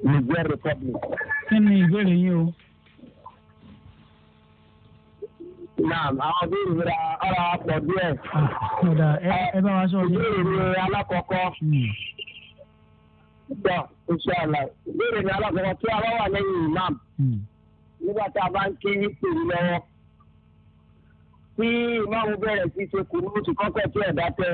niger republic. kí ni ìbéèrè yín o. naam àwọn béèrè mi ra ọ̀rọ̀ àpọ̀ díẹ̀. Ah, ọ̀dà ẹ bá wa sọ ọ́. ìbéèrè mi alákọ̀ọ́kọ́. sọ hmm. inṣàlá ìbéèrè mi alákọ̀ọ́kọ́ tí a bá wà lẹ́yìn imam hmm. nígbà tá a bá ń ké pèrè lọ́wọ́ tí imam bẹ̀rẹ̀ sí ṣe kùnú ti kọ́kọ́ tí ẹ̀dá tẹ́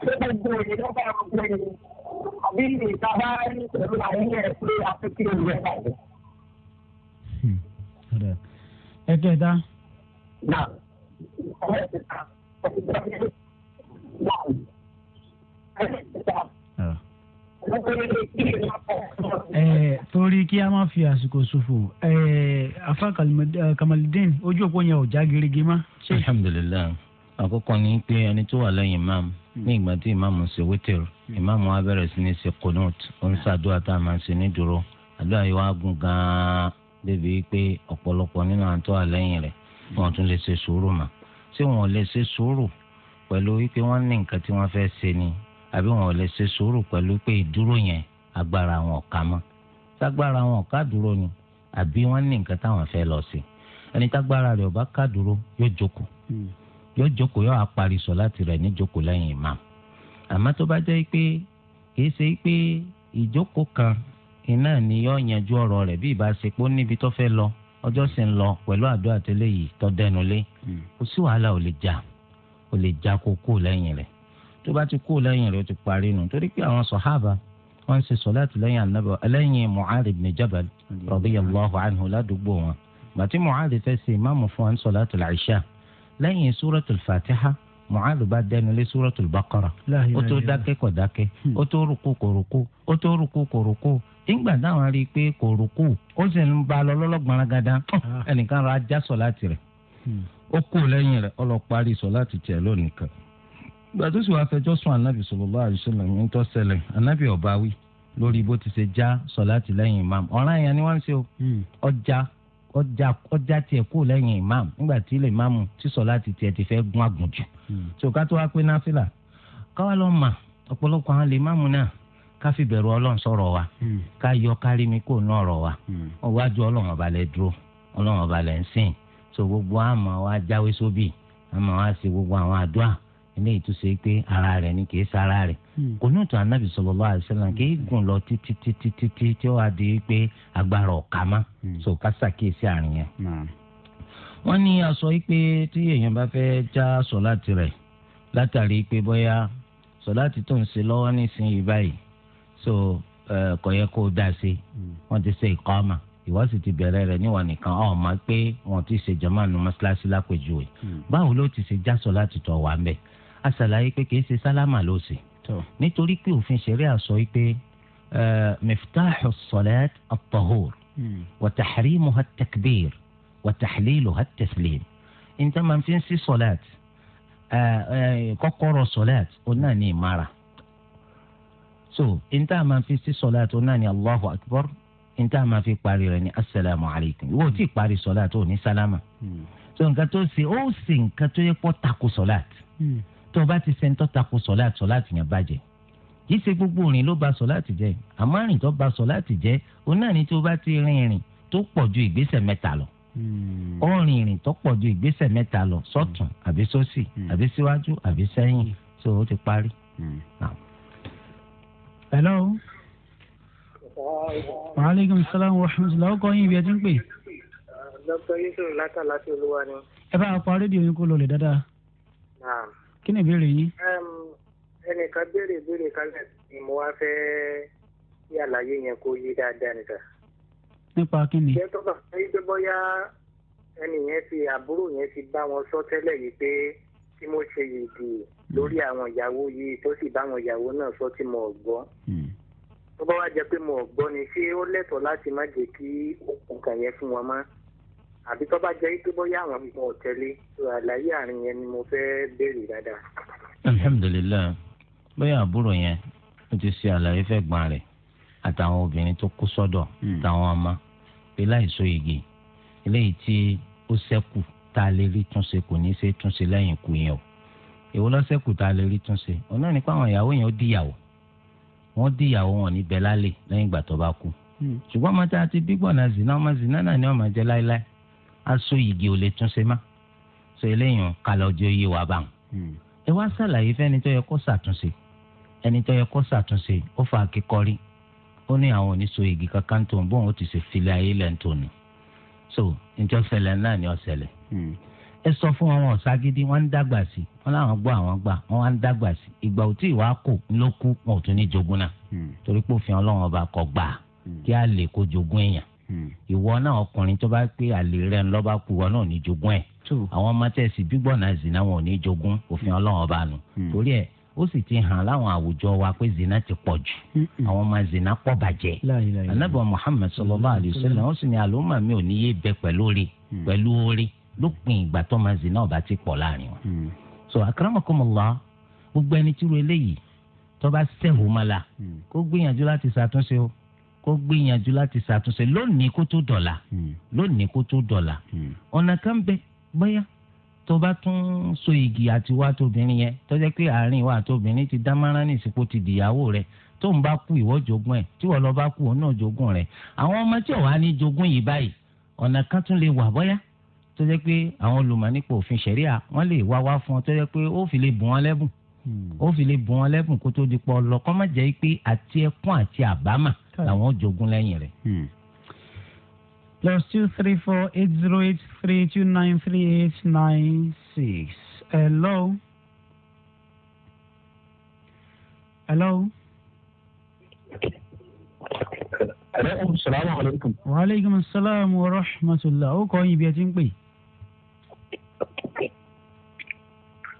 pé gbogbo èyí ló bá rò pé àbí ìta bá rí pẹ̀lú àyè ẹ̀ pé afẹ́kẹ́ rẹ̀ pàdé. ẹ kẹta. náà ọ̀rẹ́ ti ta ọ̀sẹ̀ tó ń bá wù. ọ̀rẹ́ ti ta torí kí a máa fi àsìkò ṣòfò afa kamalidin ojú òpó yẹn ò já gerege má. alhamdulilayi àkọ́kọ́ ni pé ẹni tó wà lẹ́yìn máa ní ìgbà tí ìmáàmù ṣe wítìrì ìmáàmù wa bẹ̀rẹ̀ sí ní ṣe kùnút ó ń ṣàdúrà tá a máa ṣe ní dúró àdúrà yìí wá gùn gan-an débi pé ọ̀pọ̀lọpọ̀ nínú àtọ́ àlẹ́yìn rẹ̀ wọn tún lè ṣe sùúrù mà ṣé wọn lè ṣe sùúrù pẹ̀lú wípé wọ́n ní nǹkan tí wọ́n fẹ́ ṣe ni àbí wọn ò lè ṣe sùúrù pẹ̀lú pé ìdúró yẹn agbára wọn ò mọ́ tágbára wọn ò dúró ni àbí wọ́n ní nǹkan táwọn fẹ́ lọ sí ẹni tágbára rẹ̀ ò bá dúró yóò jókòó yóò jókòó yóò apari sọ̀láàtì rẹ̀ níjókòó lẹ́yìn imam àmọ́ tó bá jẹ́ pé kìí ṣe pé ìjókòó kan iná ni yóò yanjú ọ̀rọ̀ rẹ̀ bí ìbá ṣe pé ó níbi tó fẹ́ lọ ọjọ́ sì ń lọ pẹ̀lú àdúrà tẹ́lẹ̀ yìí tó dẹnu lé hmm. kò sí wàhálà ò lè jà ò lè jà kó kó lẹ́yìn rẹ̀ tó bá ti kó lẹ́yìn rẹ̀ ó ti parí nù torí pé àwọn sọ̀hábà wọ́n ń ṣe sọ̀láàtì lẹ́yìn ànábọ̀ lẹ́yìn Mu'adh ibn Jabal hmm. radiyallahu anhu ládùúgbò wọn gbàtí Mu'adh fẹ́ ṣe ìmáàmù fún wọn sọ̀láàtì al-Isha lẹ́yìn suratul fatiha mu'adh bá dẹnu lé suratul baqara ó tó dákẹ́ kò dákẹ́ hmm. ó tó rúkú kò rúkú ó tó rúkú kò rúkú ìgbà táwọn rí i pé kò rúkú ó sì ń ba lọ lọ́lọ́gbọ̀nrán gada ah. ẹnìkan ra ajá sọ láti rẹ̀ hmm. ó kú lẹ́yìn rẹ̀ ó lọ parí sọ láti tiẹ̀ lónìí kan gbàtó sì wàá fẹjọ́ sùn anabi sallallahu alaihi wasallam ń tọ́ ṣẹlẹ̀ anabi ọ̀báwí lórí bó ti ṣe já sọ láti lẹ́yìn imam ọ̀ràn yẹn ni wọ́n ń ṣe hmm. ọjà ọjà ọjà tiẹ̀ kó lẹ́yìn imam nígbà tí ilé imam tí sọlá ti tiẹ̀ ti fẹ́ gún agùn jù. Hmm. so ká tó wá pé náfìlà káwá lọ mà ọ̀pọ̀lọpọ̀ àwọn ilé imam náà ká fi bẹ̀rù ọlọ́run sọ̀rọ̀ wa hmm. ká yọ kárí mi kó náà rọ̀ wa hmm. ọwájú ọlọ́run ọba lẹ dúró ọlọ́run ọba lẹ ń sìn so gbogbo àmọ́ wa jáwé sóbì àmọ́ wa ṣe gbogbo àwọn àdúrà ilé ìtúsẹ pé ara rẹ̀ ni kìí sara rẹ̀ hmm. kò ní ìtàn anábì sallallahu alaihi wasallam kìí gùn lọ títí títí títí tí ó wá di pé agbára ọ̀ka má hmm. so kásá kìí sí àárín yẹn. wọ́n ní aṣọ pé tí èèyàn bá fẹ́ já sọ̀láàtì rẹ̀ látàrí pé bóyá sọ̀láàtì tó ń ṣe lọ́wọ́ nísìnyí báyìí so kò yẹ kó dá sí hmm. wọ́n ti ṣe ìkámà ìwọ sì ti bẹ̀rẹ̀ rẹ̀ níwọ̀n nìkan ọ̀ mọ̀ pé wọ́n ti ṣe jàmáà nù mọ́ṣáláṣí lápèjúwe báwo ló ti ṣe já sọ̀láàtì tó wà ń bẹ̀ aṣàlàyé pé kìí ṣe sálámà ló ṣe nítorí pé òfin ṣẹ̀ríà sọ pé miftaḥu salat at-tahur hmm. wa tahrimuha at-takbir wa tahliluha at-taslim níta máa fi ń sí salat kọ́kọ́rọ́ salat ó náà ní ìmára so níta máa fi sí salat ó náà ní allahu akbar níta máa fi parí rẹ̀ ní asalaamu alaykum ìwọ tí parí salat ó sálámà hmm. so nǹkan tó ṣe ó sì nǹkan tó yẹ kó takò salat. Hmm tó o bá ti sẹ́ńtọ́ tako sọ̀láàtì sọ̀láàtì yẹn bàjẹ́ kì í ṣe gbogbo òrìn ló ba sọ̀láàtì jẹ́ àmọ́ àrìn tó ba sọ̀láàtì jẹ́ òun náà ni tí o bá ti rin ìrìn tó pọ̀ ju ìgbésẹ̀ mẹ́ta lọ hmm. ó rin ìrìn tó pọ̀ ju ìgbésẹ̀ mẹ́ta lọ sọ́tún hmm. àbí sósì hmm. àbí síwájú àbí sẹ́yìn so ó ti parí. hello. maaleykum salaam wa rahmatulah ọkọ yín ibi ẹ ti ń pè. dr yusuf látàlá ti ẹ bá a pa rédíò yín kó lọ lè dáadáa kí ni ìbéèrè yín. ẹnìkan béèrè ìbéèrè kan ni mo wá fẹ́ kí àlàyé yẹn kó yé dáadáa nìkan. nípa kí ni. ṣé tọ́ka ṣe pé bóyá ẹnì yẹn ti àbúrò yẹn ti bá wọn sọ tẹ́lẹ̀ yìí pé tí mo ṣe yìgì lórí àwọn ìyàwó yìí tó sì bá àwọn ìyàwó náà sọ tí mo gbọ́ hmm. tó bá wá jẹ pé mo gbọ́ ni ṣé ó lẹ́tọ̀ọ́ láti má jẹ́ kí okùn kàn yẹn fún wọn mọ́ àbí tó bá jẹ́ pé bóyá àwọn ọmọ ọ̀tẹ́lé tó àlàyé àárín yẹn ni mo fẹ́ béèrè dáadáa. alhamdulilayi bóyá àbúrò yẹn ó ti ṣe àlàyé fẹ́ gbọ́n rẹ̀ àtàwọn obìnrin tó kó sọ́dọ̀ hmm. àtàwọn ọmọ pé láìsọ igi eléyìí tí ó ṣẹ́kù tá a lè rí túnṣe kò ní í ṣe túnṣe lẹ́yìn ikú yẹn o èwo lọ́sẹ̀kù tá a lè rí túnṣe òun náà ní pé àwọn ìyàwó yẹn ó díyàwó wọ́n díyàwó wọn ní bẹ́lálẹ̀ lẹ́yìn ìgbà tó bá kú hmm. ṣùgbọ́n ọmọ tá a ti bí gbọ̀nà zina ọmọ zina náà ni ọmọ jẹ láéláé aṣọ yìgì ò lè tún ṣe má so eléyìí kàlọ́ ọjọ́ yìí wà bá wọn. Hmm. ẹ wá ṣàlàyé fẹ́ni tó yẹ kó ṣàtúnṣe ẹni tó yẹ kó ṣàtúnṣe ó fa akíkọrí ó ní àwọn oníṣọ yìgì kankan tó ń bọ̀ ó ti ṣe filẹ̀ ayé lẹ́ńtò ni so níjọ́ ṣẹlẹ̀ náà ni ó ṣẹlẹ̀ hmm. ẹ sọ fún wọn ọ̀ságídí wọn ń dàgbà sí wọn làwọn gbọ́ àwọn gbà wọn wá ń dàgbà sí ìgbà òtí ìwà kò ló kú wọn ò tún ní jogún náà hmm. torí pé òfin ọlọ́run ọba kọ gbà kí á lè kó jogún èèyàn Hmm. ìwọ náà ọkùnrin tó bá pé àlè rẹ ńlọ bá kú wọn náà ní jogún ẹ àwọn mọtẹsí gbígbọnà zina wọn ò ní jogún òfin hmm. Ọlọ́run ọba nù hmm. torí ẹ ó sì ti hàn láwọn àwùjọ wa pé zina ti pọ̀ jù àwọn ọmọ zina pọ̀ bàjẹ́ anabi muhammed sallallahu alayhi wa sallam ó sì ní àlùmọ́ mi ò ní yé bẹ pẹ̀lú orí pẹ̀lú orí lópin ìgbà tó ọmọ zina ọba ti pọ̀ láàrin wọn. so akramakumullah gbogbo ẹni tí ro eléyìí tó bá sẹ́hùn mọ́la kó gbìyànjú láti ṣàtúnṣe o kó gbìyànjú láti ṣàtúnṣe lónìí kó tó dọ̀la hmm. lónìí kó tó dọ̀la hmm. ọ̀nà kan bẹ bóyá tó bá tún so igi àti wá tóbìnrin yẹn tó jẹ́ pé àárín ìwà àtòbìnrin ti dámárán ní ìsìnkú ti dìyàwó rẹ̀ tó ń bá kú ìwọ jogún ẹ̀ tí wọ́n lọ bá kú òun náà jogún rẹ̀ àwọn ọmọ tí ò ní jogún yìí báyìí ọ̀nà kan tún lè wà bóyá tó pé àwọn olùmọ̀ nípa òfin ṣẹ̀ríà wọ́n lè wá wá fún ọ tó pé ó fi lè bùn wọn lẹ́bùn ó fi lè bọ́n ọlẹ́kùn kó tó di pọ̀ lọ kọ́ má jẹ́ pé àti ẹkún àti àbámà làwọn jogún lẹ́yìn rẹ̀. Hmm. plus two three four eight zero eight three two nine three eight nine six. hello. hello. aleykum salaam aleykum. wa aleykum salaam wa rahmatulah o kọ́ yín bí ẹ ti ń pè.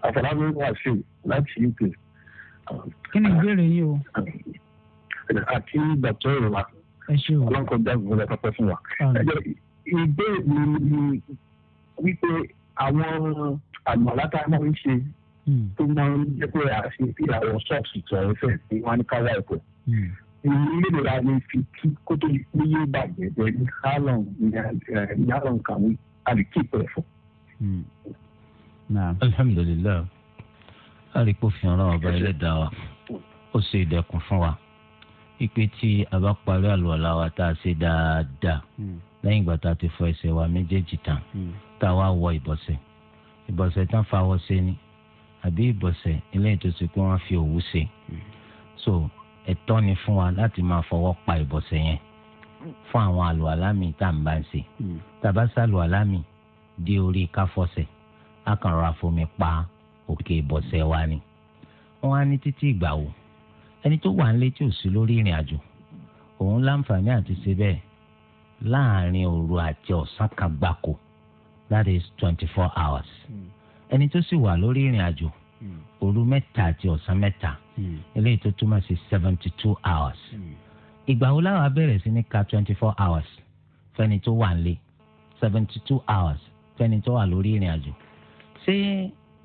asalaamualeykum wa láti uk. kí ni ìbéèrè yìí o. àti dàtọ́ ìrọ̀ wa ọlọ́kọ̀dá ìgbọ́dọ̀ pẹ́pẹ́ fún wa. ìbéèrè mi ni wípé àwọn àgbàlá tá a máa ń ṣe hmm. tó máa ń jẹ́ pé àṣe bí àwọn ṣọ́ọ̀ṣì tó ń fẹ́ ní wọn ní káwá ẹ̀kọ́. ìlérí ra ni fi kí kó tó ní yé bàjẹ́ jẹ́ ní hálọ̀n ní hálọ̀n kàwé àdìkí pẹ̀ fún. Hmm. alhamdulilayi àríkò fìhàn ọlọ́run ọba ẹlẹ́dàá wa ó ṣe ìdẹ̀kùn fún wa ipe tí a bá parí àlùwàlá wa tá a ṣe dáadáa hmm. lẹ́yìn ìgbà tá a ti fọ ẹsẹ̀ wa méjèèjì tán hmm. tá a wá wọ ìbọ̀sẹ̀ ìbọ̀sẹ̀ tán fawọ́ ṣe ni àbí ìbọ̀sẹ̀ eléyìí tó ṣe pé wọ́n fi òwú ṣe hmm. so ẹ̀tọ́ ni fún wa láti máa fọwọ́ pa ìbọ̀sẹ̀ yẹn fún àwọn àlùwàlá mi tá à bá ń ṣe tá a bá ṣàlùwàlá mi dé orí káfọ́sẹ̀ á kàn rọra fomi pa á òkè ìbọ̀sẹ̀ wa ni wọ́n á ní títí ìgbà wo ẹni tó wà nílé tí ò sí lórí ìrìn àjò òun láǹfààní àti ṣe bẹ́ẹ̀ láàrin òru àti ọ̀sán kan gbáko that is twenty four hours hmm. ẹni tó sì wà lórí ìrìn àjò hmm. òru mẹ́ta àti ọ̀sán mẹ́ta hmm. eléyìí tó túmọ̀ sí seventy two hours ìgbà wo láwọn abẹ́rẹ́ sí ní ka twenty four hours fẹ́ni tó wà nílé seventy two hours fẹ́ni tó wà lórí ìrìn àjò ṣé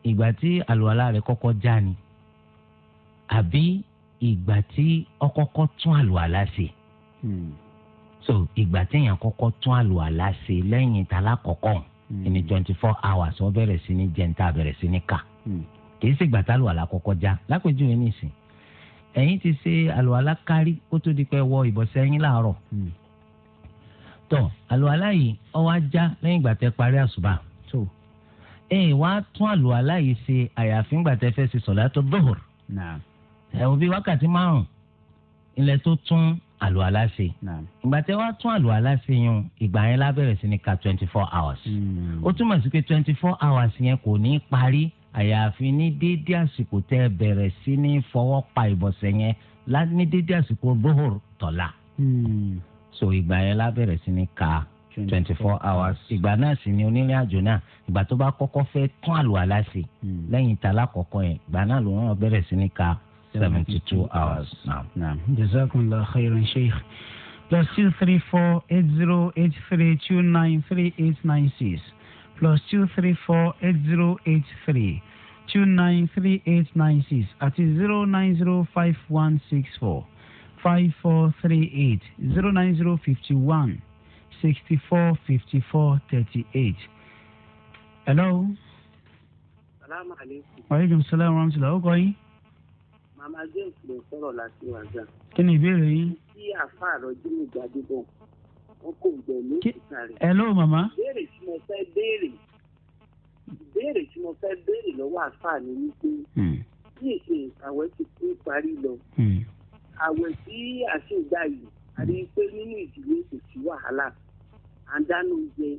ìgbà tí àlùwàlá rẹ̀ kọ́kọ́ já ni àbí ìgbà tí ó kọ́kọ́ tún àlùwàlá ṣe. Hmm. so ìgbà téèyàn kọ́kọ́ tún àlùwàlá ṣe lẹ́yìn tàlá kọ̀ọ̀kan ẹni hmm. twenty four hours wọ́n bẹ̀rẹ̀ sí ní jẹ̀ǹtà bẹ̀rẹ̀ sí ní kà hmm. kì í ṣègbà tàlùwàlá kọ́kọ́ já lápèjúwe nìsín ẹ̀yin ti ṣe àlùwàlá kárí kó tó di pé wọ ìbọ̀sẹ̀ ẹ̀yin láàárọ̀ tọ́ àlùwàlá yìí ó wá já ìgbà tẹ́ parí àṣùbà. Mm ẹ wá tún àlùwàlá yìí ṣe àyàfi ńgbà tẹ́ fẹ́ ṣe sọ̀látò dọ́hùr. ẹ wo bí wákàtí márùn-ún ilẹ̀ tó tún àlùwàlá ṣe. ìgbà tẹ́ wá tún àlùwàlá ṣe yun ìgbà yẹn lábẹ̀rẹ̀ sí ni ka twenty four hours. Hmm. ó túmọ̀ sí pé twenty four hours yẹn kò ní í parí àyàfi ní déédé àsìkò tẹ́ bẹ̀rẹ̀ sí ní fọwọ́ pa ìbọ̀sẹ̀ yẹn ní déédé àsìkò dọ́hùr tọ̀la. Hmm. so ìgbà yẹn lábẹ̀rẹ̀ sí ni ka twenty four hours ìgbà náà sì ni onírìn àjò náà ìgbà tó bá kọ́kọ́ fẹ́ tún àlùwàlá sí hmm. lẹ́yìn tàlá kọ̀ọ̀kan yẹn ìgbà náà ló rán bẹ̀rẹ̀ sí ní ka seventy two hours. naam jazakumullahu khairan sheikh plus two three four eight zero eight three two nine three eight nine six plus two three four eight zero eight three two nine three eight nine six àti zero nine zero five one six four five four three eight zero nine zero fifty one sixty four fifty four thirty eight. hello. salaamaleykum. waaleykum salaam wa rahmatulah ó kọ yín. màmá james ló sọ̀rọ̀ láti wàjà. kí ni ìbéèrè yín. kí àfa àròjù mi jáde bọ̀ wọn kò gbẹ ní ìta rẹ̀. hello Mama. béèrè tí mo fẹ́ béèrè béèrè tí mo fẹ́ béèrè lọ́wọ́ àfa ni wípé hmm. bí èsì àwẹ̀ ti kú parí lọ hmm. àwẹ̀ tí àṣìgbà yìí a rí i pé nínú ìdílé kò sí wàhálà à ń dáná oúnjẹ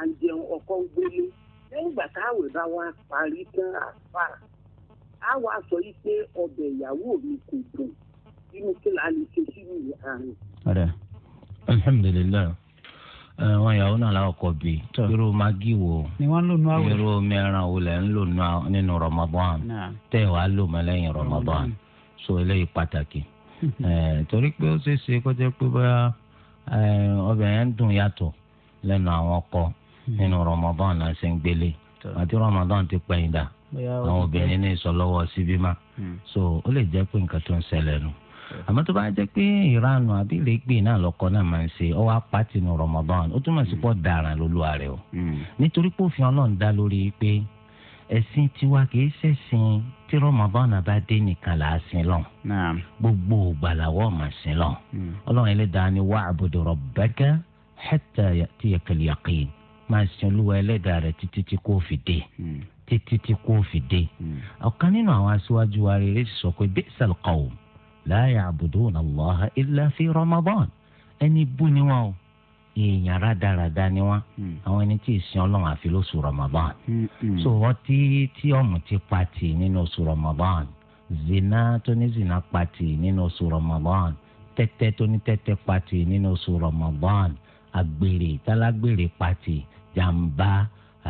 à ń jẹun ọkọ ń gbélé lẹ́yìn ìgbà táwọn bá wá parí tán àfà á wá yìí pé ọbẹ̀ ìyàwó mi kò dùn nínú kí lè ṣe sínú àrùn. ọ̀rẹ́ alhamdulilayi wọn yàwó náà làwọn bi irú magi wo irú mẹ́ran wo lẹ ń lò nínú Ramadan tẹ wàá lò mọ lẹ́yìn Ramadan so eléyìí pàtàkì. Eh, torí pé ó ṣeé ṣe kó jẹ́ pé bóyá eh, ọbẹ̀ yẹn ń dùn yàtọ̀ lẹ́nu àwọn ọkọ nínú Ramadan náà ṣe ń gbélé àti ti pẹ̀yìn dà àwọn obìnrin ní ìsọlọ́wọ́ síbí má hmm. so ó lè jẹ́ pé nǹkan tó ń ṣẹlẹ̀ nù hmm. àmọ́ tó bá jẹ́ pé ìranu àbí náà lọ́kọ náà máa ń ṣe o hmm. nítorí pé òfin ọlọ́run dá lórí ẹ̀sìn tiwa kì í ṣẹ̀sìn tí rọmọbọ́nà bá dé nìkan là á sin lọ. gbogbo gbàlàwọ́ mà sin lọ. Hmm. ọlọ́run ẹlẹ́dàá ni wa'budu rabbaka hatta ya'tiyakal yaqin máa sin olúwa ẹlẹ́dàá rẹ̀ títí tí kò fi dé hmm. títí tí kò fi dé. Hmm. ọ̀kan nínú àwọn aṣíwájú wa rere sọ pé bi'sal qawm la ya'buduna Allaha illa fi rọmọbọ́n ẹni bú ni wọn o èèyàn rádaràda ni wọn hmm. àwọn ẹni tí ìsìn Ọlọ́run àfi lóṣù Ramadan hmm, hmm. so wọn tí tí ọmọ ti pati nínú oṣù Ramadan zina tó ní zina pati nínú oṣù Ramadan tẹ́tẹ́ tó ní tẹ́tẹ́ pati nínú oṣù Ramadan agbèrè tálágbèrè pati jàǹbá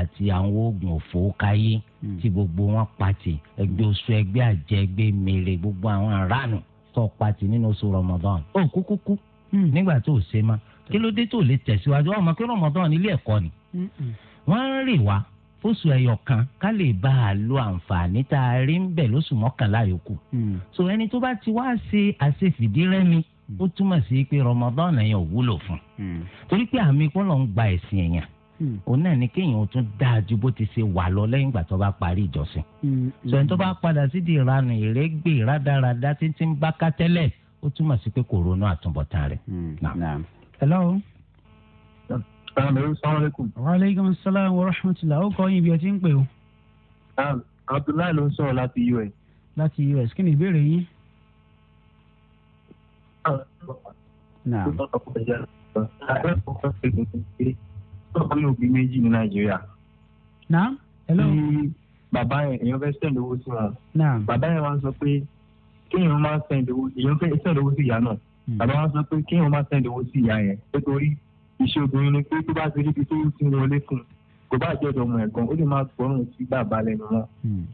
àti àwọn oògùn òfò káyé tí gbogbo wọn pati ẹgbẹ́ oṣù ẹgbẹ́ àjẹ ẹgbẹ́ mèrè gbogbo àwọn aránù tó pati nínú oṣù Ramadan ó kúkú kú nígbà tó ṣe máa kí ló dé tó lè tẹ̀síwájú ọmọ kí rọmọdán nílé ẹ̀kọ́ ni wọ́n ń rè wá fóṣù ẹyọ kan ká lè bá a lo àǹfààní tá a rí ń bẹ̀ lóṣù mọ́kànlá yòókù mm. so ẹni tó bá ti wá ṣe àṣefìdírẹ́mi mm. ó túmọ̀ sí pé rọmọdán yẹn ò wúlò fún un mm. torí pé àmì kọ́ ló ń gba ẹ̀sìn èèyàn òun náà ni kéèyàn ó tún dáa ju bó ti ṣe wà lọ lẹ́yìn ìgbà tó bá parí ìjọsìn. sọ ẹni tó bá padà sídìí ìranù ìrẹ́gbẹ̀ rádaràda títí ń bá ká ó túmọ̀ sí pé kò àtúbọ̀tán rẹ̀ hello. salaamaleykum. waaleykum salaam wa rahmatulah ó kọ́ yín bí ẹ ti ń pè o. Ah, abdullahi ló ń sọ̀rọ̀ láti us. láti us kí ni ìbéèrè yín. Ah, naam ọkùnrin òbí méjì ní nàìjíríà. naam hello. ní bàbá yẹn èèyàn fẹ́ sẹ́ńd owó sí wọn. naam bàbá yẹn wá sọ pé kéèyàn máa sẹ́ńd owó èèyàn fẹ́ sẹ́ńd owó sí ìyá náà bàbá wa sọ pé kí wọn má sẹ́ndì owó sí ìyá yẹn nítorí iṣẹ́ obìnrin ni pé tó bá ti rí ibi tó ti wọlé fún kò bá jẹ́ ọmọ ẹ̀gbọ́n ó lè má gbọ́rùn sí bàbá lẹ́nu wọn. Hmm.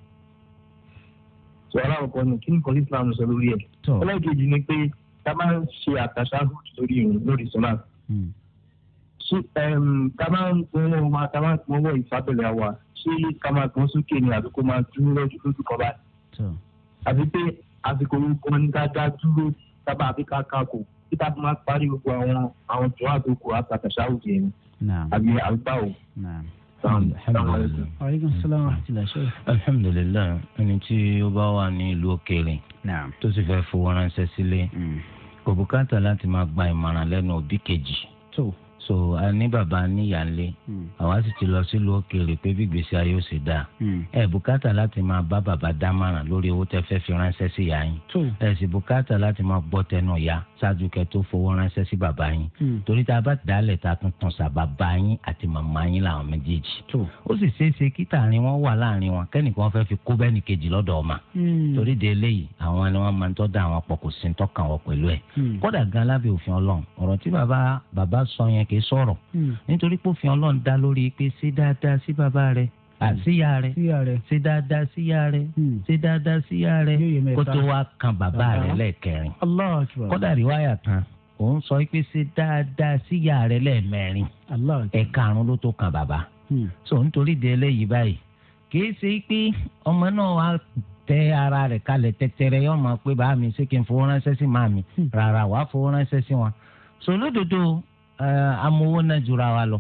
sọ aláwọ̀kọ ni kí nǹkan Islam sọ lórí ẹ̀ ọlọ́ọ̀kejì ni pé ká máa ń ṣe àtàṣà lórí ìrùn lórí sọ́lá ká máa ń gun owó wa ká máa ń gun owó wa ṣé ká máa gun sókè ni àbí kó máa dúró lójú lójú kan báyìí àti pé àsìkò kan ní sábà àfi ká ká kò títà fún máa parí gbogbo àwọn àwọn tó wà tó kù àtàkàṣà òjì ẹni àbí àgbáwò. aleykum salaam wa rahmatulah ṣe. alhamdulilayi ẹni tí ó bá wà ní ìlú òkèèrè tó sì fẹ́ fowó ránṣẹ́ sílé mm. kò bùkátà láti máa gba ìmọ̀ràn lẹ́nu òbí kejì so a ní bàbá níyà ńlẹ hmm. àwa sì ti lọ sílùú òkèèrè pé bí gbèsè ayé ó sì dáa hmm. ẹ bùkátà láti máa bá bàbá dámọ̀ràn lórí owó tẹ́ fẹ́ fi ránṣẹ́ sí ìyá yín ẹ sì bùkátà láti máa gbọ́ tẹnu ìyá ṣáájú kẹ́ tó fowó ránṣẹ́ sí bàbá yín hmm. torí tá a bá dálẹ̀ ta tuntun sàbàbá yín àti màmá yín làwọn méjèèjì ó sì ṣeé ṣe kí tààrin wọn wà láàrin wọn kẹ́nìkan fẹ́ fi kó bẹ́ẹ̀nì kejì lọ́dọ̀ ọmọ torí de eléyìí àwọn ni wọ́n máa ń kì í sọ̀rọ̀ hmm. nítorí pé òfin ọlọ́run dá lórí pé ṣe dáadáa sí bàbá rẹ̀ síyá rẹ ṣe dáadáa síyá rẹ hmm. ṣe dáadáa síyá rẹ kó tó wá kan bàbá rẹ lẹ́ẹ̀kẹrin kódà rìwáyà kan òun sọ pé ṣe dáadáa síyá rẹ lẹ́ẹ̀mẹrin ẹ̀karùn ló tó kan bàbá hmm. so nítorí di eléyìí báyìí kìí ṣe pé ọmọ náà wá tẹ ara rẹ kalẹ̀ tẹtẹrẹ yóò máa pé bá mi ṣé kí n fowó ránṣẹ́ sí màmí rárá wàá fowó ránṣẹ́ sí wọn sòlódodo Eh, amowó náà jura wa lọ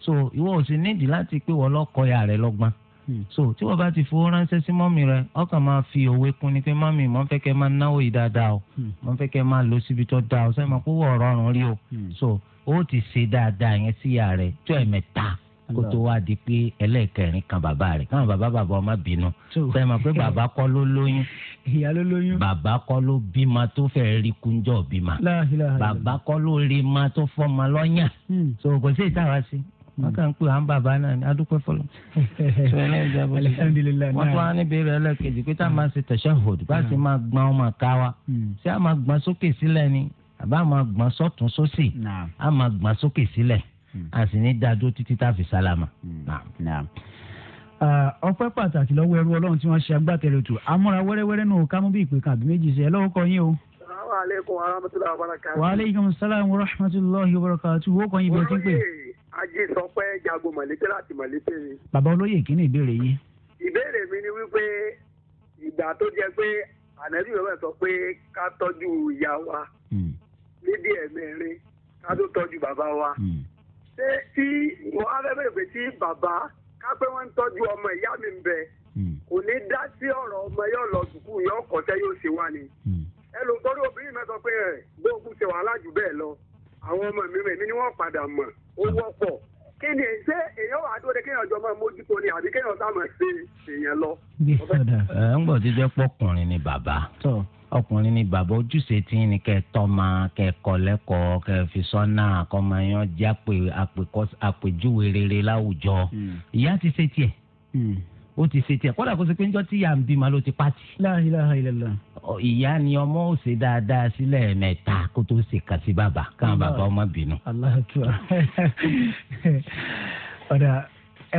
so ìwọ ò sì nídìí láti pé wọ́n lọ́kọ ya rẹ̀ lọ́gbọ́n hmm. so tí wọ́n bá ti fowó ránṣẹ́ sí mọ́mì rẹ̀ ọkàn máa fi òwe kún ni pé mọ́mì mọ́ fẹ́ kẹ́ máa náwó yìí dáadáa o mọ́ hmm. fẹ́ kẹ́ máa lọ síbi tó dáa o sẹ́yìn máa kówó ọ̀rọ̀ ọ̀run rí o hmm. so ó ti ṣe dáadáa yẹn síyà rẹ̀ tó ẹ̀mẹ́ta kó tó wá di pé ẹlẹ́ẹ̀kẹrin kan bàbá rẹ̀ káwọn bàbá bàbá ọmọ bínú sẹ́yìn ìyá ló lóyún. bàbá kọ́ ló bímọ tó fẹ́ rí kúnjọ́ bímọ. bàbá kọ́ ló rí ma tó fọmọ lọ́yàn. Hmm. so kò sí ìtawà sí. Hmm. wọ́n kàn ń pè án bàbá náà ní adúpẹ́ fọlọ́. wọ́n tún wá níbi rẹ̀ lẹ́ẹ̀kejì pé tá a máa ṣe hmm. tashahhud bá a ṣe máa gbọ́n ọ máa ká wa. ṣé a máa gbọ́n sókè sílẹ̀ ni àbá a máa gbọ́n sọ́tún sósì a máa gbọ́n sókè sílẹ̀ a sì ní dáadó títí tá a fi sálámà ọpẹ́ pàtàkì lọ́wọ́ ẹrú Ọlọ́run tí wọ́n ṣe agbátẹrù tù amúra wẹ́rẹ́wẹ́rẹ́ náà ká mú bí ìpè kan àbí méjì sí ẹ lọ́wọ́ kọ yín o. wa aleykum salaam wa rahmatulahi wa barakatu wo kàn yín bí ẹ ti ń pè. ajé sọ pé jago mọ̀lẹ́tẹ́ láti mọ̀lẹ́tẹ́ ni. bàbá olóyè kí ni ìbéèrè yín. ìbéèrè mi ni wípé ìgbà tó jẹ pé ànábì bàbá sọ pé ká tọ́jú ìyá wa hmm. níbi ẹ̀mẹ́rin ká tó tọ́jú bàbá wa. Hmm. ṣé tí wọ́n á fẹ́ bẹ̀rẹ̀ pé tí bàbá kápẹ́ wọ́n ń tọ́jú ọmọ ìyá mi ń bẹ hmm. kò ní dá sí ọ̀rọ̀ ọmọ yóò lọ sùkú yóò kọ́tẹ́ yóò ṣe wá ni ẹ ló torí obìnrin mẹ́ta pé ẹ gbóògùn ṣe wàhálà jù bẹ́ẹ̀ lọ àwọn ọmọ mi rẹ̀ mi ni wọ́n padà mọ̀ ó wọ́pọ̀ kí ni ṣé èèyàn wà á dóde kéèyàn jọ máa mójútó ni àbí kéèyàn sá máa ṣe èèyàn lọ. ẹ ń gbọ́ ọkùnrin ni bàbá ojúṣe tí ní kẹ́ tọ́mà kẹ́ kọ́ lẹ́kọ̀ọ́ kẹ́ fi sọ́nà àkọ́mọyán jẹ́ àpèjúwe rere láwùjọ hmm. ìyá ti ṣe tiẹ̀ hmm. ó ti ṣe tiẹ̀ kódà kó ṣe pé njọ́ tí ìyá ń bímọ ló ti pàtì. La ilaha illallah. ìyá ni ọmọ ò ṣe dáadáa sílẹ̀ mẹ́ta kó tó ṣe kà sí bàbá káwọn bàbá ọmọ bínú. ọ̀dà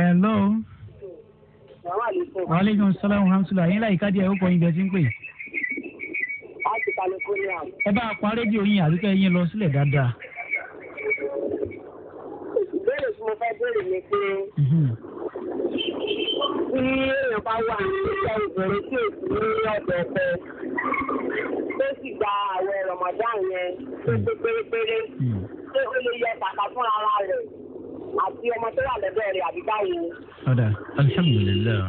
ẹ̀ lọ́wọ́. wàhálà ìkànnì sọ́lá ọ̀hún hàn sùlọ̀ àyínlá ìkádìí ẹ̀ ó kọ́ ibẹ̀ tí kálukú ní àwọn. ẹ bá a pa rédíò yín àdúgbò yín lọ sílẹ̀ dáadáa. ìbéèrè tí mo fẹ́ béèrè ni pé mhm. tí èèyàn bá wà ní ìjọ ìbẹ̀rẹ̀ tí èsì ní ọ̀dọ̀ ọ̀pẹ tó sì gba àwẹ̀ Ramadan yẹn tó gbé pérépéré mhm. tó ó lè yẹ kàkà fún ara rẹ̀ àti ọmọ tó wà lẹ́gbẹ̀ẹ́ rẹ̀ àbí báyìí. ọ̀dà alhamdulilayi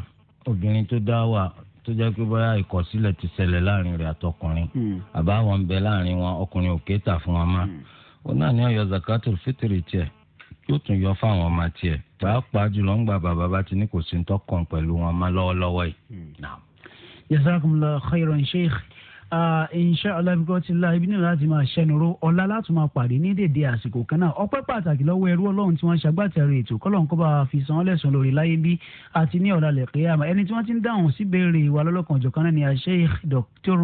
obìnrin tó dá wà tó jẹ́ pé bóyá ìkọ̀sílẹ̀ ti ṣẹlẹ̀ láàrin rẹ̀ àtọkùnrin hmm. àbáwọn ń bẹ láàrin wọn ọkùnrin òkè tà fún wọn mọ́ hmm. ó náà ní ọ̀yọ́ zakatul fitiri tiẹ̀ yóò tún yọ fáwọn ọmọ tiẹ̀ pàápàá jùlọ ń gba bàbá bá ti ní kò sí ń tọkàn pẹ̀lú wọn mọ́ lọ́wọ́lọ́wọ́ yìí. Hmm. jazakumullahu khairan sheikh insha Allah bí kò ti la ibi nílò láti máa ṣẹnuró ọlá láti máa pàdé ní dèdè àsìkò kan náà ọpẹ́ pàtàkì lọ́wọ́ ẹrú Ọlọ́run tí wọ́n ṣagbátẹrù ètò kọlọn kó bá fi san lẹsùn lórí láyé bí àti ní ọlá lẹkẹ àmọ́ ẹni tí wọ́n ti ń dáhùn sí béèrè ìwà lọlọkan ọjọ́kan náà ni Sheikh Dr.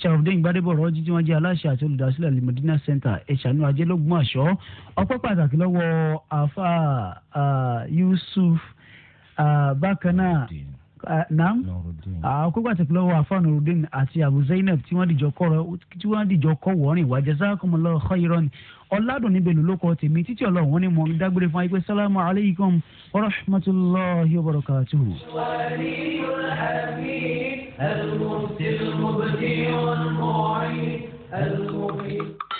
Sharafdin Gbadebo Rọjí tí wọ́n jẹ́ aláṣẹ àti olùdásílẹ̀ Al-Madina Center ẹṣánú ajé lógún àṣọ ọpẹ́ pàtàkì lọ́wọ́ afa Yusuf bákan náà Eh, Nam, àkókò ah, àtìpilọ́wọ́ àfọ̀nù rudin àti abu zainab tí wọ́n dìjọ kọ́ tí wọ́n dìjọ kọ́ wọ́ọ̀rìn wa jazakumullahu khairan ọ̀làdùn níbẹ̀ lólókọ tèmi títí ọlọ́run wọn ni mò ń dágbére fún ayípe sálámù aleykum wa rahmatulahi wa barakatuhu. المبدي المعيد